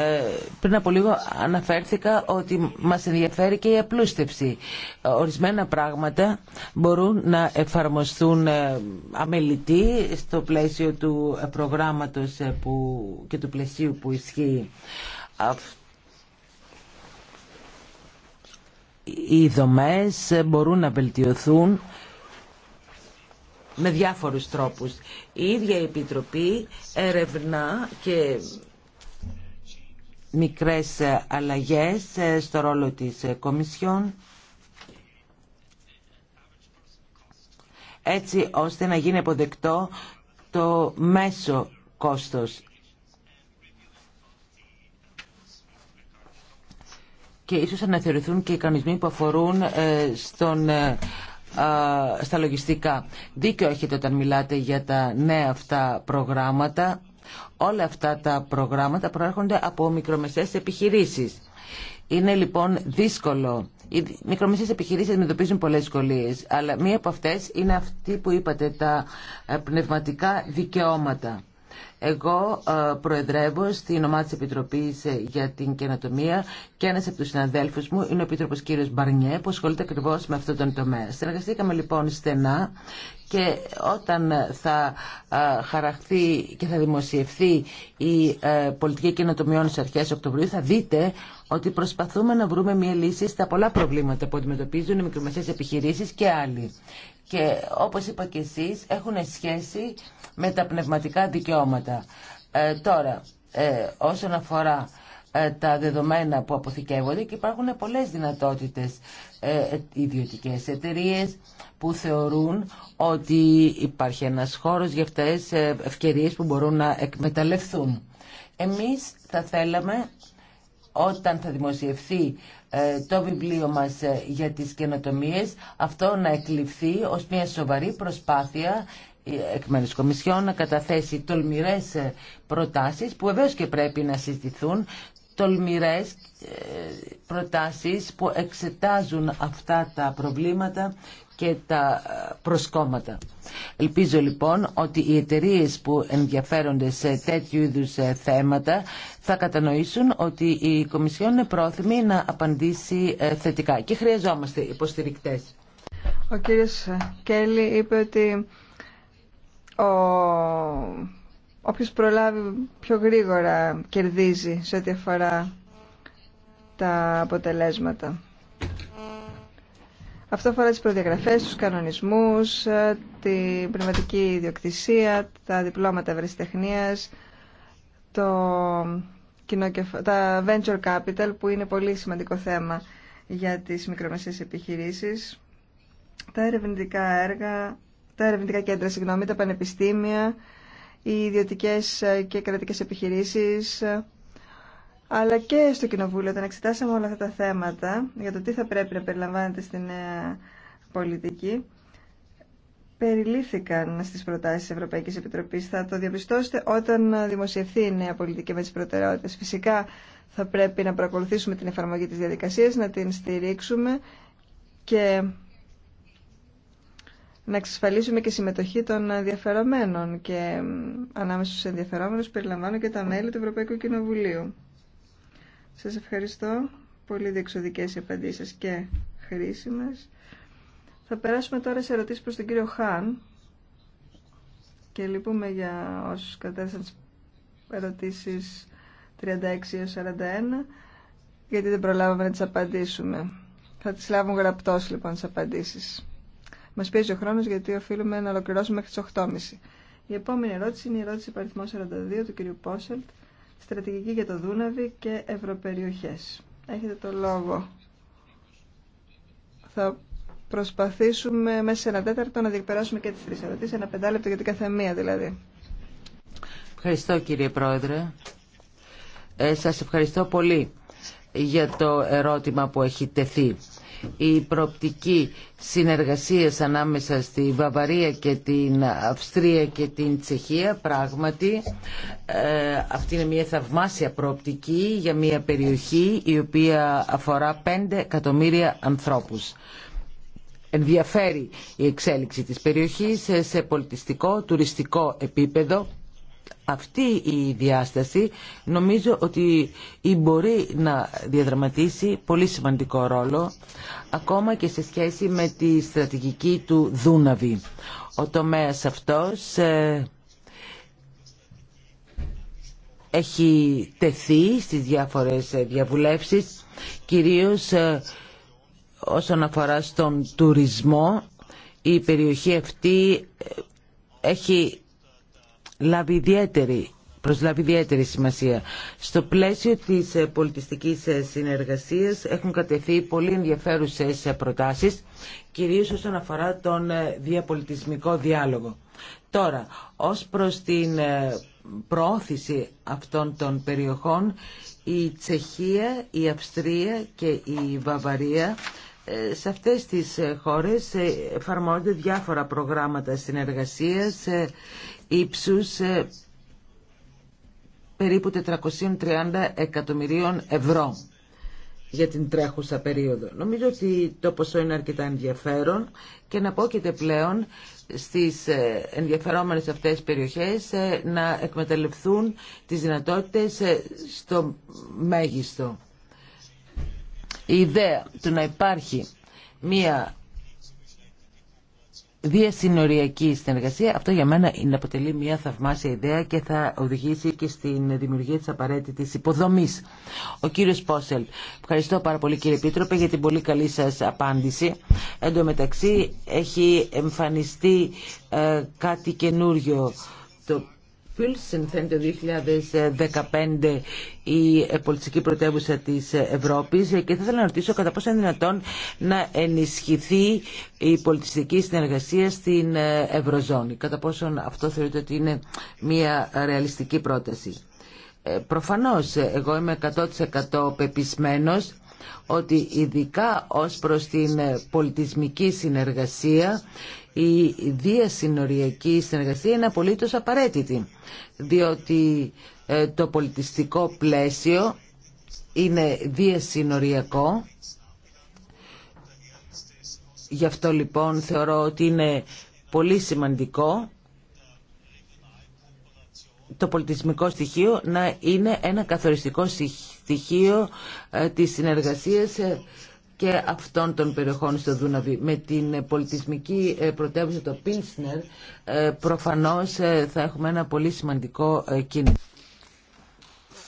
ε, πριν από λίγο αναφέρθηκα ότι μας ενδιαφέρει και η απλούστευση. Ορισμένα πράγματα μπορούν να εφαρμοστούν ε, αμελητή στο πλαίσιο του ε, προγράμματος που, και του πλαισίου που ισχύει. Οι δομές μπορούν να βελτιωθούν με διάφορους τρόπους. Η ίδια η Επιτροπή ερευνά και μικρές αλλαγές ε, στο ρόλο της ε, Κομισιόν έτσι ώστε να γίνει αποδεκτό το μέσο κόστος. Και ίσως αναθεωρηθούν και οι κανονισμοί που αφορούν ε, στον, στα λογιστικά. Δίκιο έχετε όταν μιλάτε για τα νέα αυτά προγράμματα Όλα αυτά τα προγράμματα προέρχονται από μικρομεσαίες επιχειρήσεις. Είναι λοιπόν δύσκολο. Οι μικρομεσαίες επιχειρήσεις αντιμετωπίζουν πολλές δυσκολίες, αλλά μία από αυτές είναι αυτή που είπατε, τα πνευματικά δικαιώματα. Εγώ ε, προεδρεύω στη ομάδα τη Επιτροπή ε, για την Καινοτομία και ένα από του συναδέλφου μου είναι ο επίτροπο κύριος Μπαρνιέ που ασχολείται ακριβώ με αυτόν τον τομέα. Συνεργαστήκαμε λοιπόν στενά και όταν θα ε, χαραχθεί και θα δημοσιευθεί η πολιτική καινοτομιών στι αρχέ Οκτωβρίου θα δείτε ότι προσπαθούμε να βρούμε μια λύση στα πολλά προβλήματα που αντιμετωπίζουν οι μικρομεσαίες επιχειρήσει και άλλοι και όπως είπα και εσείς έχουν σχέση με τα πνευματικά δικαιώματα. Ε, τώρα, ε, όσον αφορά ε, τα δεδομένα που αποθηκεύονται και υπάρχουν πολλές δυνατότητες ε, ε, ιδιωτικές εταιρείες που θεωρούν ότι υπάρχει ένας χώρος για αυτές τις ευκαιρίες που μπορούν να εκμεταλλευθούν. Εμείς θα θέλαμε όταν θα δημοσιευθεί ε, το βιβλίο μας ε, για τις καινοτομίες αυτό να εκλειφθεί ως μια σοβαρή προσπάθεια ε, εκ μέρους Κομισιόν να καταθέσει τολμηρές προτάσεις που βεβαίως και πρέπει να συζητηθούν τολμηρές προτάσεις που εξετάζουν αυτά τα προβλήματα και τα ε, προσκόμματα. Ελπίζω λοιπόν ότι οι εταιρείε που ενδιαφέρονται σε τέτοιου είδου ε, θέματα θα κατανοήσουν ότι η Κομισιόν είναι πρόθυμη να απαντήσει ε, θετικά και χρειαζόμαστε υποστηρικτές. Ο κύριος Κέλλη είπε ότι ο... όποιος προλάβει πιο γρήγορα κερδίζει σε ό,τι αφορά τα αποτελέσματα. Αυτό αφορά τις προδιαγραφές, τους κανονισμούς, ε, την πνευματική ιδιοκτησία, τα διπλώματα ευρεσιτεχνίας, το... τα venture capital που είναι πολύ σημαντικό θέμα για τις μικρομεσαίες επιχειρήσεις, τα ερευνητικά έργα, τα ερευνητικά κέντρα, συγγνώμη, τα πανεπιστήμια, οι ιδιωτικές ε, και κρατικές επιχειρήσεις, αλλά και στο Κοινοβούλιο όταν εξετάσαμε όλα αυτά τα θέματα για το τι θα πρέπει να περιλαμβάνεται στη νέα πολιτική περιλήφθηκαν στις προτάσεις της Ευρωπαϊκής Επιτροπής. Θα το διαπιστώσετε όταν δημοσιευθεί η νέα πολιτική με τις προτεραιότητες. Φυσικά θα πρέπει να προκολουθήσουμε την εφαρμογή της διαδικασίας, να την στηρίξουμε και να εξασφαλίσουμε και συμμετοχή των ενδιαφερομένων και ανάμεσα στους ενδιαφερόμενους περιλαμβάνω και τα μέλη του Ευρωπαϊκού Κοινοβουλίου. Σας ευχαριστώ. Πολύ διεξοδικές οι απαντήσεις και χρήσιμες. Θα περάσουμε τώρα σε ερωτήσεις προς τον κύριο Χάν και λυπούμε για όσους κατέθεσαν τις ερωτήσεις 36 έως 41 γιατί δεν προλάβαμε να τις απαντήσουμε. Θα τις λάβουν γραπτός λοιπόν τις απαντήσεις. Μας πιέζει ο χρόνος γιατί οφείλουμε να ολοκληρώσουμε μέχρι τις 8.30. Η επόμενη ερώτηση είναι η ερώτηση παριθμό 42 του κυρίου Πόσελτ στρατηγική για το Δούναβι και ευρωπεριοχές. Έχετε το λόγο. Θα προσπαθήσουμε μέσα σε ένα τέταρτο να διεκπεράσουμε και τις τρεις ερωτήσεις, ένα πεντάλεπτο για την καθεμία δηλαδή. Ευχαριστώ κύριε Πρόεδρε. Ε, σας ευχαριστώ πολύ για το ερώτημα που έχει τεθεί η προοπτική συνεργασίας ανάμεσα στη Βαβαρία και την Αυστρία και την Τσεχία πράγματι ε, αυτή είναι μια θαυμάσια προοπτική για μια περιοχή η οποία αφορά 5 εκατομμύρια ανθρώπους. Ενδιαφέρει η εξέλιξη της περιοχής σε πολιτιστικό, τουριστικό επίπεδο αυτή η διάσταση νομίζω ότι μπορεί να διαδραματίσει πολύ σημαντικό ρόλο ακόμα και σε σχέση με τη στρατηγική του Δούναβη. Ο τομέας αυτός ε, έχει τεθεί στις διάφορες διαβουλεύσεις κυρίως ε, όσον αφορά στον τουρισμό η περιοχή αυτή ε, έχει λάβει ιδιαίτερη προσλάβει ιδιαίτερη σημασία. Στο πλαίσιο της ε, πολιτιστικής ε, συνεργασίας έχουν κατεθεί πολύ ενδιαφέρουσες ε, προτάσεις, κυρίως όσον αφορά τον διαπολιτισμικό διάλογο. Τώρα, ως προς την προώθηση αυτών των περιοχών, η Τσεχία, η Αυστρία και η Βαβαρία σε αυτές τις χώρες εφαρμόζονται διάφορα προγράμματα συνεργασίας ύψους ε, περίπου 430 εκατομμυρίων ευρώ για την τρέχουσα περίοδο. Νομίζω ότι το ποσό είναι αρκετά ενδιαφέρον και να πόκειται πλέον στις ε, ενδιαφερόμενες αυτές περιοχές ε, να εκμεταλλευτούν τις δυνατότητες στο μέγιστο. Η ιδέα του να υπάρχει μία διασυνοριακή συνεργασία. Αυτό για μένα είναι αποτελεί μια θαυμάσια ιδέα και θα οδηγήσει και στην δημιουργία της απαραίτητης υποδομής. Ο κύριος Πόσελ, ευχαριστώ πάρα πολύ κύριε πίτροπε για την πολύ καλή σας απάντηση. Εν τω μεταξύ έχει εμφανιστεί ε, κάτι καινούριο το Φίλσεν φαίνεται το 2015 η ε, πολιτιστική πρωτεύουσα της Ευρώπης και θα ήθελα να ρωτήσω κατά πόσο είναι δυνατόν να ενισχυθεί η πολιτιστική συνεργασία στην ε, Ευρωζώνη. Κατά πόσο αυτό θεωρείται ότι είναι μια ρεαλιστική πρόταση. Ε, προφανώς εγώ είμαι 100% πεπισμένος ότι ειδικά ως προς την πολιτισμική συνεργασία η διασυνοριακή συνεργασία είναι απολύτως απαραίτητη, διότι ε, το πολιτιστικό πλαίσιο είναι διασυνοριακό. Γι' αυτό λοιπόν θεωρώ ότι είναι πολύ σημαντικό το πολιτισμικό στοιχείο να είναι ένα καθοριστικό στοιχείο ε, της συνεργασίας ε, και αυτών των περιοχών στο Δούναβι. Με την πολιτισμική ε, πρωτεύουσα το Πίλσνερ προφανώς ε, θα έχουμε ένα πολύ σημαντικό ε, κίνημα.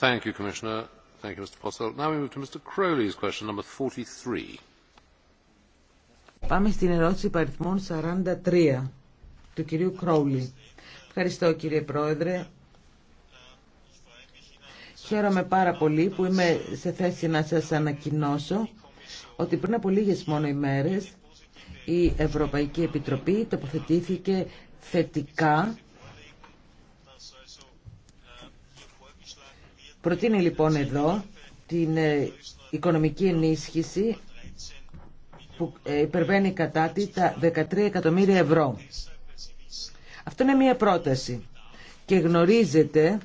Thank you, Commissioner. Thank you, Πάμε στην ερώτηση παριθμών 43 του κυρίου Κρόουλη. Ευχαριστώ κύριε Πρόεδρε. Χαίρομαι πάρα πολύ που είμαι σε θέση να σας ανακοινώσω ότι πριν από λίγες μόνο ημέρες η Ευρωπαϊκή Επιτροπή τοποθετήθηκε θετικά Προτείνει λοιπόν εδώ την ε, οικονομική ενίσχυση που ε, υπερβαίνει κατά τη τα 13 εκατομμύρια ευρώ. Αυτό είναι μια πρόταση και γνωρίζετε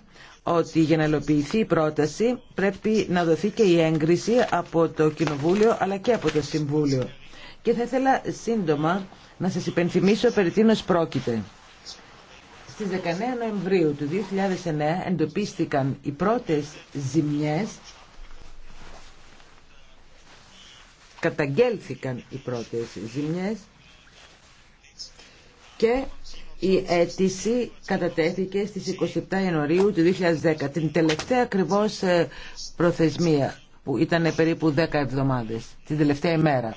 ότι για να υλοποιηθεί η πρόταση πρέπει να δοθεί και η έγκριση από το Κοινοβούλιο αλλά και από το Συμβούλιο. Και θα ήθελα σύντομα να σας υπενθυμίσω περί τίνος πρόκειται. Στις 19 Νοεμβρίου του 2009 εντοπίστηκαν οι πρώτες ζημιές, καταγγέλθηκαν οι πρώτες ζημιές και η αίτηση κατατέθηκε στις 27 Ιανουαρίου του 2010, την τελευταία ακριβώς ε, προθεσμία που ήταν περίπου 10 εβδομάδες, την τελευταία ημέρα.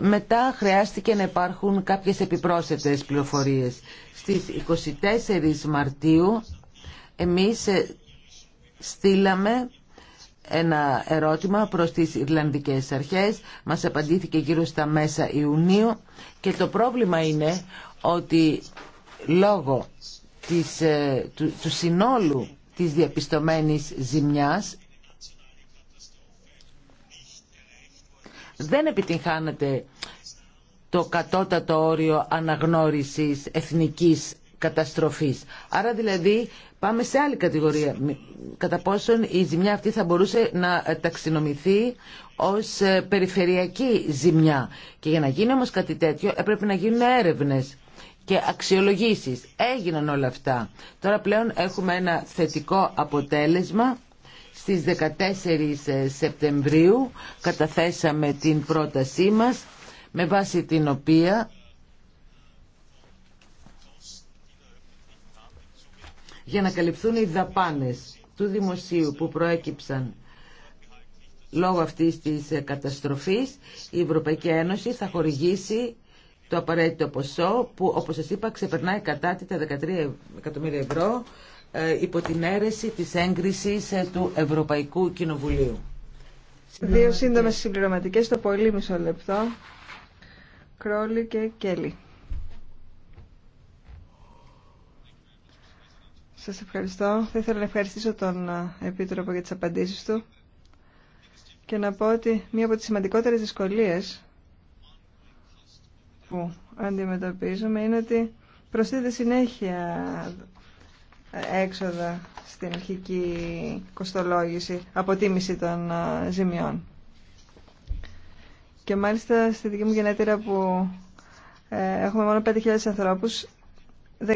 Μετά χρειάστηκε να υπάρχουν κάποιες επιπρόσθετες πληροφορίες. Στις 24 Μαρτίου εμείς ε, στείλαμε ένα ερώτημα προς τις Ιρλανδικές Αρχές. Μας απαντήθηκε γύρω στα μέσα Ιουνίου και το πρόβλημα είναι ότι λόγω ε, του, συνόλου της διαπιστωμένης ζημιάς δεν επιτυγχάνεται το κατώτατο όριο αναγνώρισης εθνικής καταστροφής. Άρα δηλαδή πάμε σε άλλη κατηγορία. Κατά πόσον η ζημιά αυτή θα μπορούσε να ε, ταξινομηθεί ως ε, περιφερειακή ζημιά. Και για να γίνει όμως κάτι τέτοιο έπρεπε να γίνουν έρευνες και αξιολογήσεις. Έγιναν όλα αυτά. Τώρα πλέον έχουμε ένα θετικό αποτέλεσμα. Στις 14 ε, Σεπτεμβρίου καταθέσαμε την πρότασή μας με βάση την οποία για να καλυφθούν οι δαπάνες του δημοσίου που προέκυψαν λόγω αυτής της ε, καταστροφής η Ευρωπαϊκή Ένωση θα χορηγήσει το απαραίτητο ποσό που όπως σας είπα ξεπερνάει κατά τα 13 εκατομμύρια ευρώ ε, υπό την αίρεση της έγκρισης ε, του Ευρωπαϊκού Κοινοβουλίου. Δύο σύντομες συμπληρωματικές, το πολύ μισό λεπτό. Κρόλι και Κέλλη. Σας ευχαριστώ. Θα ήθελα να ευχαριστήσω τον ε, Επίτροπο για τις απαντήσεις του και να πω ότι μία από τις σημαντικότερες δυσκολίες που αντιμετωπίζουμε είναι ότι προσθέτει συνέχεια έξοδα στην αρχική κοστολόγηση, αποτίμηση των ε, ζημιών. Και μάλιστα στη δική μου γενέτειρα που ε, έχουμε μόνο 5.000 ανθρώπους, 19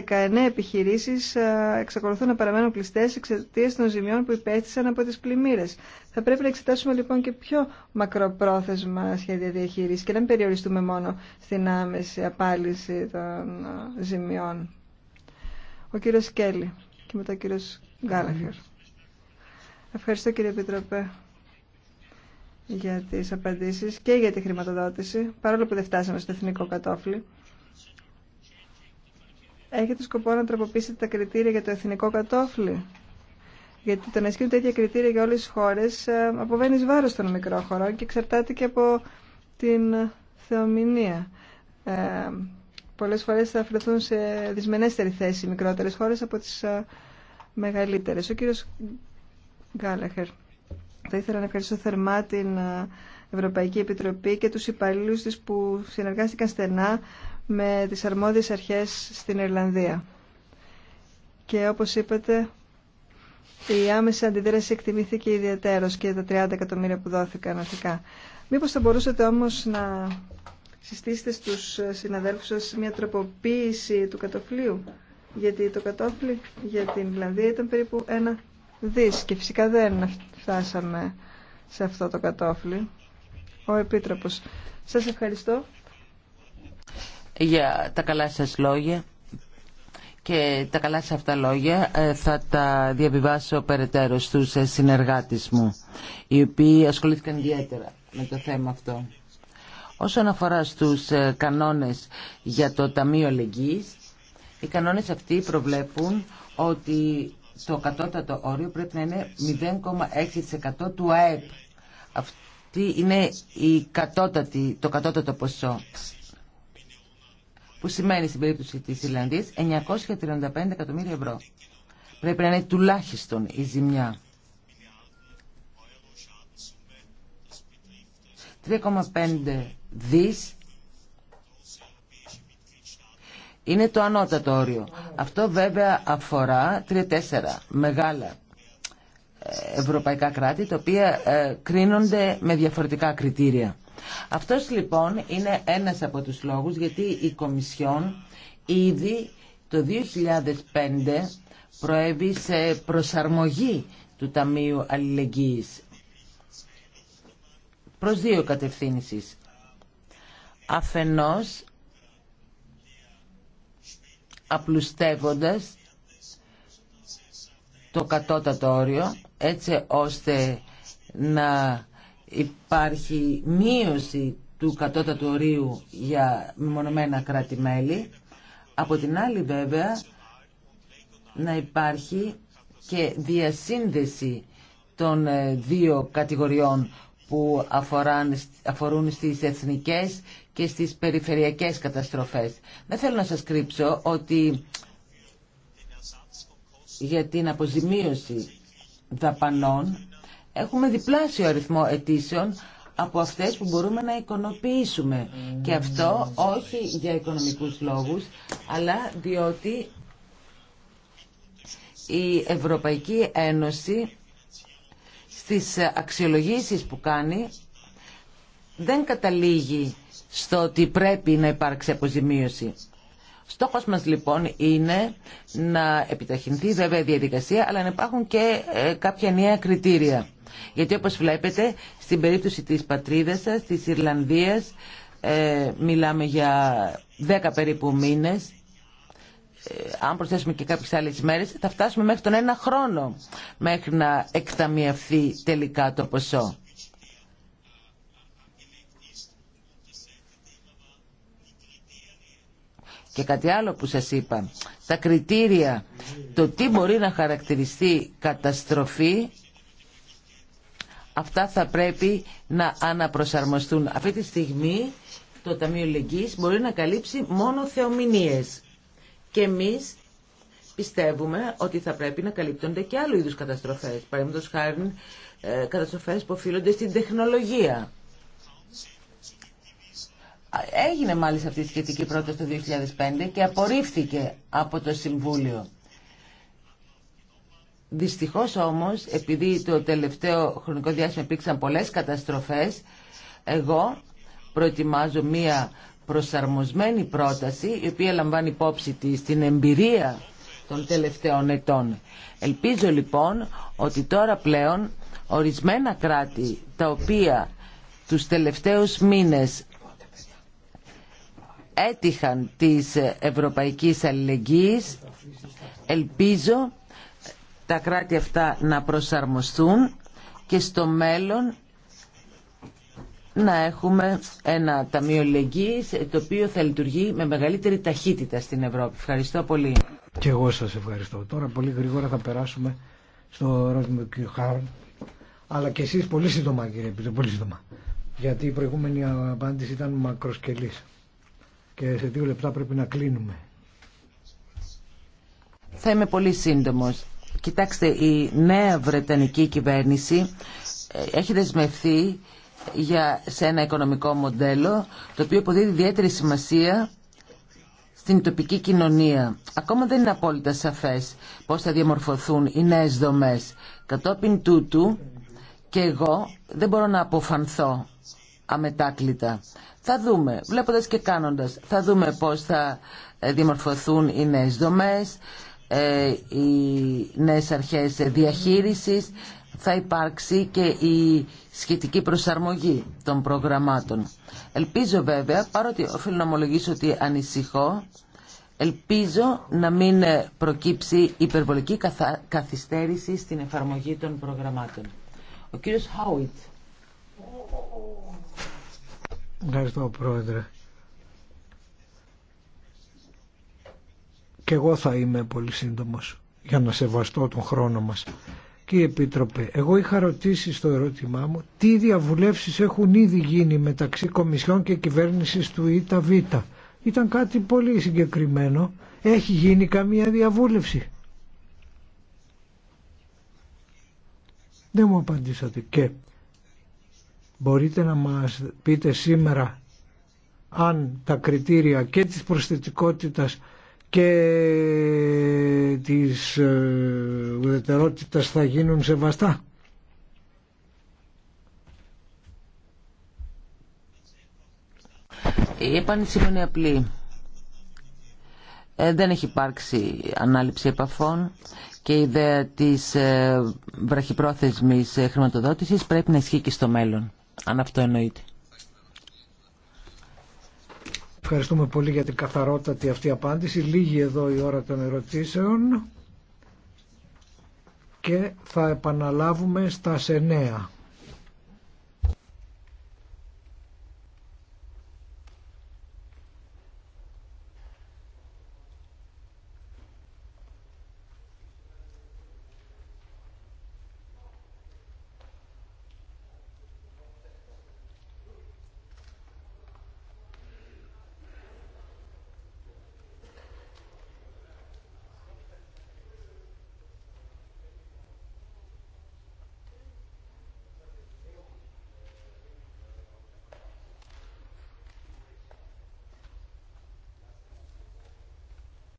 επιχειρήσει ε, εξακολουθούν να παραμένουν κλειστέ εξαιτία των ζημιών που υπέστησαν από τι πλημμύρε. Θα πρέπει να εξετάσουμε λοιπόν και πιο μακροπρόθεσμα σχέδια διαχείριση και να μην περιοριστούμε μόνο στην άμεση απάλυση των ε, ζημιών. Ο κύριο Κέλλη και μετά ο κύριο Γκάλαχερ. Ευχαριστώ κύριε Επιτροπέ για τις απαντήσεις και για τη χρηματοδότηση, παρόλο που δεν φτάσαμε στο εθνικό κατόφλι έχετε σκοπό να τροποποιήσετε τα κριτήρια για το εθνικό κατόφλι. Γιατί το να ισχύουν τέτοια κριτήρια για όλε τι χώρε, ε, αποβαίνει βάρος των μικρό χωρών και εξαρτάται και από την θεομηνία. Ε, πολλές φορές θα αφαιρεθούν σε δυσμενέστερη θέση οι μικρότερε χώρε από τι ε, μεγαλύτερε. Ο κύριο Γκάλαχερ, θα ήθελα να ευχαριστώ θερμά την ε, Ευρωπαϊκή Επιτροπή και του υπαλλήλου τη που συνεργάστηκαν στενά με τις αρμόδιες αρχές στην Ιρλανδία. Και όπως είπατε, η άμεση αντιδράση εκτιμήθηκε ιδιαίτερος και τα 30 εκατομμύρια που δόθηκαν αρχικά. Μήπως θα μπορούσατε όμως να συστήσετε στους συναδέλφους σας μια τροποποίηση του κατοφλίου, γιατί το κατόφλι για την Ιρλανδία ήταν περίπου ένα δις και φυσικά δεν φτάσαμε σε αυτό το κατόφλι. Ο Επίτροπος. Σας ευχαριστώ για τα καλά σας λόγια και τα καλά σε αυτά λόγια ε, θα τα διαβιβάσω περαιτέρω στους ε, συνεργάτες μου οι οποίοι ασχολήθηκαν ιδιαίτερα με το θέμα αυτό. Όσον αφορά στους ε, κανόνες για το Ταμείο Λεγγύης, οι κανόνες αυτοί προβλέπουν ότι το κατώτατο όριο πρέπει να είναι 0,6% του ΑΕΠ. Αυτή είναι η κατώτατη, το κατώτατο ποσό που σημαίνει στην περίπτωση της Ιρλανδίας 935 εκατομμύρια ευρώ. Πρέπει να είναι τουλάχιστον η ζημιά. 3,5 δις είναι το ανώτατο όριο. Αυτό βέβαια αφορά 3-4 μεγάλα ε, ευρωπαϊκά κράτη, τα οποία ε, κρίνονται με διαφορετικά κριτήρια. Αυτός λοιπόν είναι ένας από τους λόγους γιατί η Κομισιόν ήδη το 2005 προέβη σε προσαρμογή του Ταμείου Αλληλεγγύης προς δύο κατευθύνσεις. Αφενός, απλουστεύοντας το κατώτατο όριο, έτσι ώστε να υπάρχει μείωση του κατώτατου ορίου για μεμονωμένα κράτη-μέλη. Από την άλλη βέβαια να υπάρχει και διασύνδεση των ε, δύο κατηγοριών που αφορούν στις εθνικές και στις περιφερειακές καταστροφές. Δεν θέλω να σας κρύψω ότι για την αποζημίωση δαπανών έχουμε διπλάσιο αριθμό αιτήσεων από αυτές που μπορούμε να εικονοποιήσουμε. Και αυτό όχι για οικονομικούς λόγους, αλλά διότι η Ευρωπαϊκή Ένωση στις αξιολογήσεις που κάνει δεν καταλήγει στο ότι πρέπει να υπάρξει αποζημίωση. Στόχος μας λοιπόν είναι να επιταχυνθεί βέβαια η διαδικασία αλλά να υπάρχουν και ε, κάποια νέα κριτήρια. Γιατί όπως βλέπετε στην περίπτωση της πατρίδας σας, της Ιρλανδίας, ε, μιλάμε για δέκα περίπου μήνες. Ε, αν προσθέσουμε και κάποιες άλλες μέρες θα φτάσουμε μέχρι τον ένα χρόνο μέχρι να εκταμιευθεί τελικά το ποσό. Και κάτι άλλο που σας είπα, τα κριτήρια, το τι μπορεί να χαρακτηριστεί καταστροφή αυτά θα πρέπει να αναπροσαρμοστούν. Αυτή τη στιγμή το Ταμείο Λεγγύης μπορεί να καλύψει μόνο θεομηνίες. Και εμείς πιστεύουμε ότι θα πρέπει να καλύπτονται και άλλου είδους καταστροφές. Παραδείγματος χάρη ε, καταστροφές που οφείλονται στην τεχνολογία. Έγινε μάλιστα αυτή η σχετική πρόταση το 2005 και απορρίφθηκε από το Συμβούλιο. Δυστυχώς όμως, επειδή το τελευταίο χρονικό διάστημα υπήρξαν πολλές καταστροφές, εγώ προετοιμάζω μία προσαρμοσμένη πρόταση, η οποία λαμβάνει υπόψη της την εμπειρία των τελευταίων ετών. Ελπίζω λοιπόν ότι τώρα πλέον ορισμένα κράτη τα οποία τους τελευταίους μήνες έτυχαν της ευρωπαϊκής αλληλεγγύης ελπίζω τα κράτη αυτά να προσαρμοστούν και στο μέλλον να έχουμε ένα ταμείο λεγγύης το οποίο θα λειτουργεί με μεγαλύτερη ταχύτητα στην Ευρώπη. Ευχαριστώ πολύ. Και εγώ σας ευχαριστώ. Τώρα πολύ γρήγορα θα περάσουμε στο ερώτημα του κ. Χάρν. Αλλά και εσείς πολύ σύντομα κύριε Επίτροπε, πολύ σύντομα. Γιατί η προηγούμενη απάντηση ήταν μακροσκελής. Και σε δύο λεπτά πρέπει να κλείνουμε. Θα είμαι πολύ σύντομος. Κοιτάξτε, η νέα Βρετανική κυβέρνηση ε, έχει δεσμευθεί για, σε ένα οικονομικό μοντέλο το οποίο αποδίδει ιδιαίτερη σημασία στην τοπική κοινωνία. Ακόμα δεν είναι απόλυτα σαφές πώς θα διαμορφωθούν οι νέες δομές. Κατόπιν τούτου και εγώ δεν μπορώ να αποφανθώ αμετάκλητα. Θα δούμε, βλέποντας και κάνοντας, θα δούμε πώς θα ε, διαμορφωθούν οι νέες δομές, ε, οι νέες αρχές διαχείρισης, θα υπάρξει και η σχετική προσαρμογή των προγραμμάτων. Ελπίζω βέβαια, παρότι οφείλω να ομολογήσω ότι ανησυχώ, ελπίζω να μην προκύψει υπερβολική καθυστέρηση στην εφαρμογή των προγραμμάτων. Ο κύριος Χάουιτ. Ευχαριστώ πρόεδρε. Και εγώ θα είμαι πολύ σύντομος για να σεβαστώ τον χρόνο μας. Κύριε Επίτροπε, εγώ είχα ρωτήσει στο ερώτημά μου τι διαβουλεύσεις έχουν ήδη γίνει μεταξύ Κομισιών και Κυβέρνησης του ΙΤΑΒ. Ήταν κάτι πολύ συγκεκριμένο. Έχει γίνει καμία διαβούλευση. Δεν μου απαντήσατε. Και μπορείτε να μας πείτε σήμερα αν τα κριτήρια και της προσθετικότητας και της ε, ουδετερότητας θα γίνουν σεβαστά. Η επάνηση είναι απλή. Ε, δεν έχει υπάρξει ανάληψη επαφών και η ιδέα της ε, βραχυπρόθεσμης ε, χρηματοδότησης πρέπει να ισχύει και στο μέλλον, αν αυτό εννοείται. Ευχαριστούμε πολύ για την καθαρότατη αυτή απάντηση. Λίγη εδώ η ώρα των ερωτήσεων και θα επαναλάβουμε στα σενέα.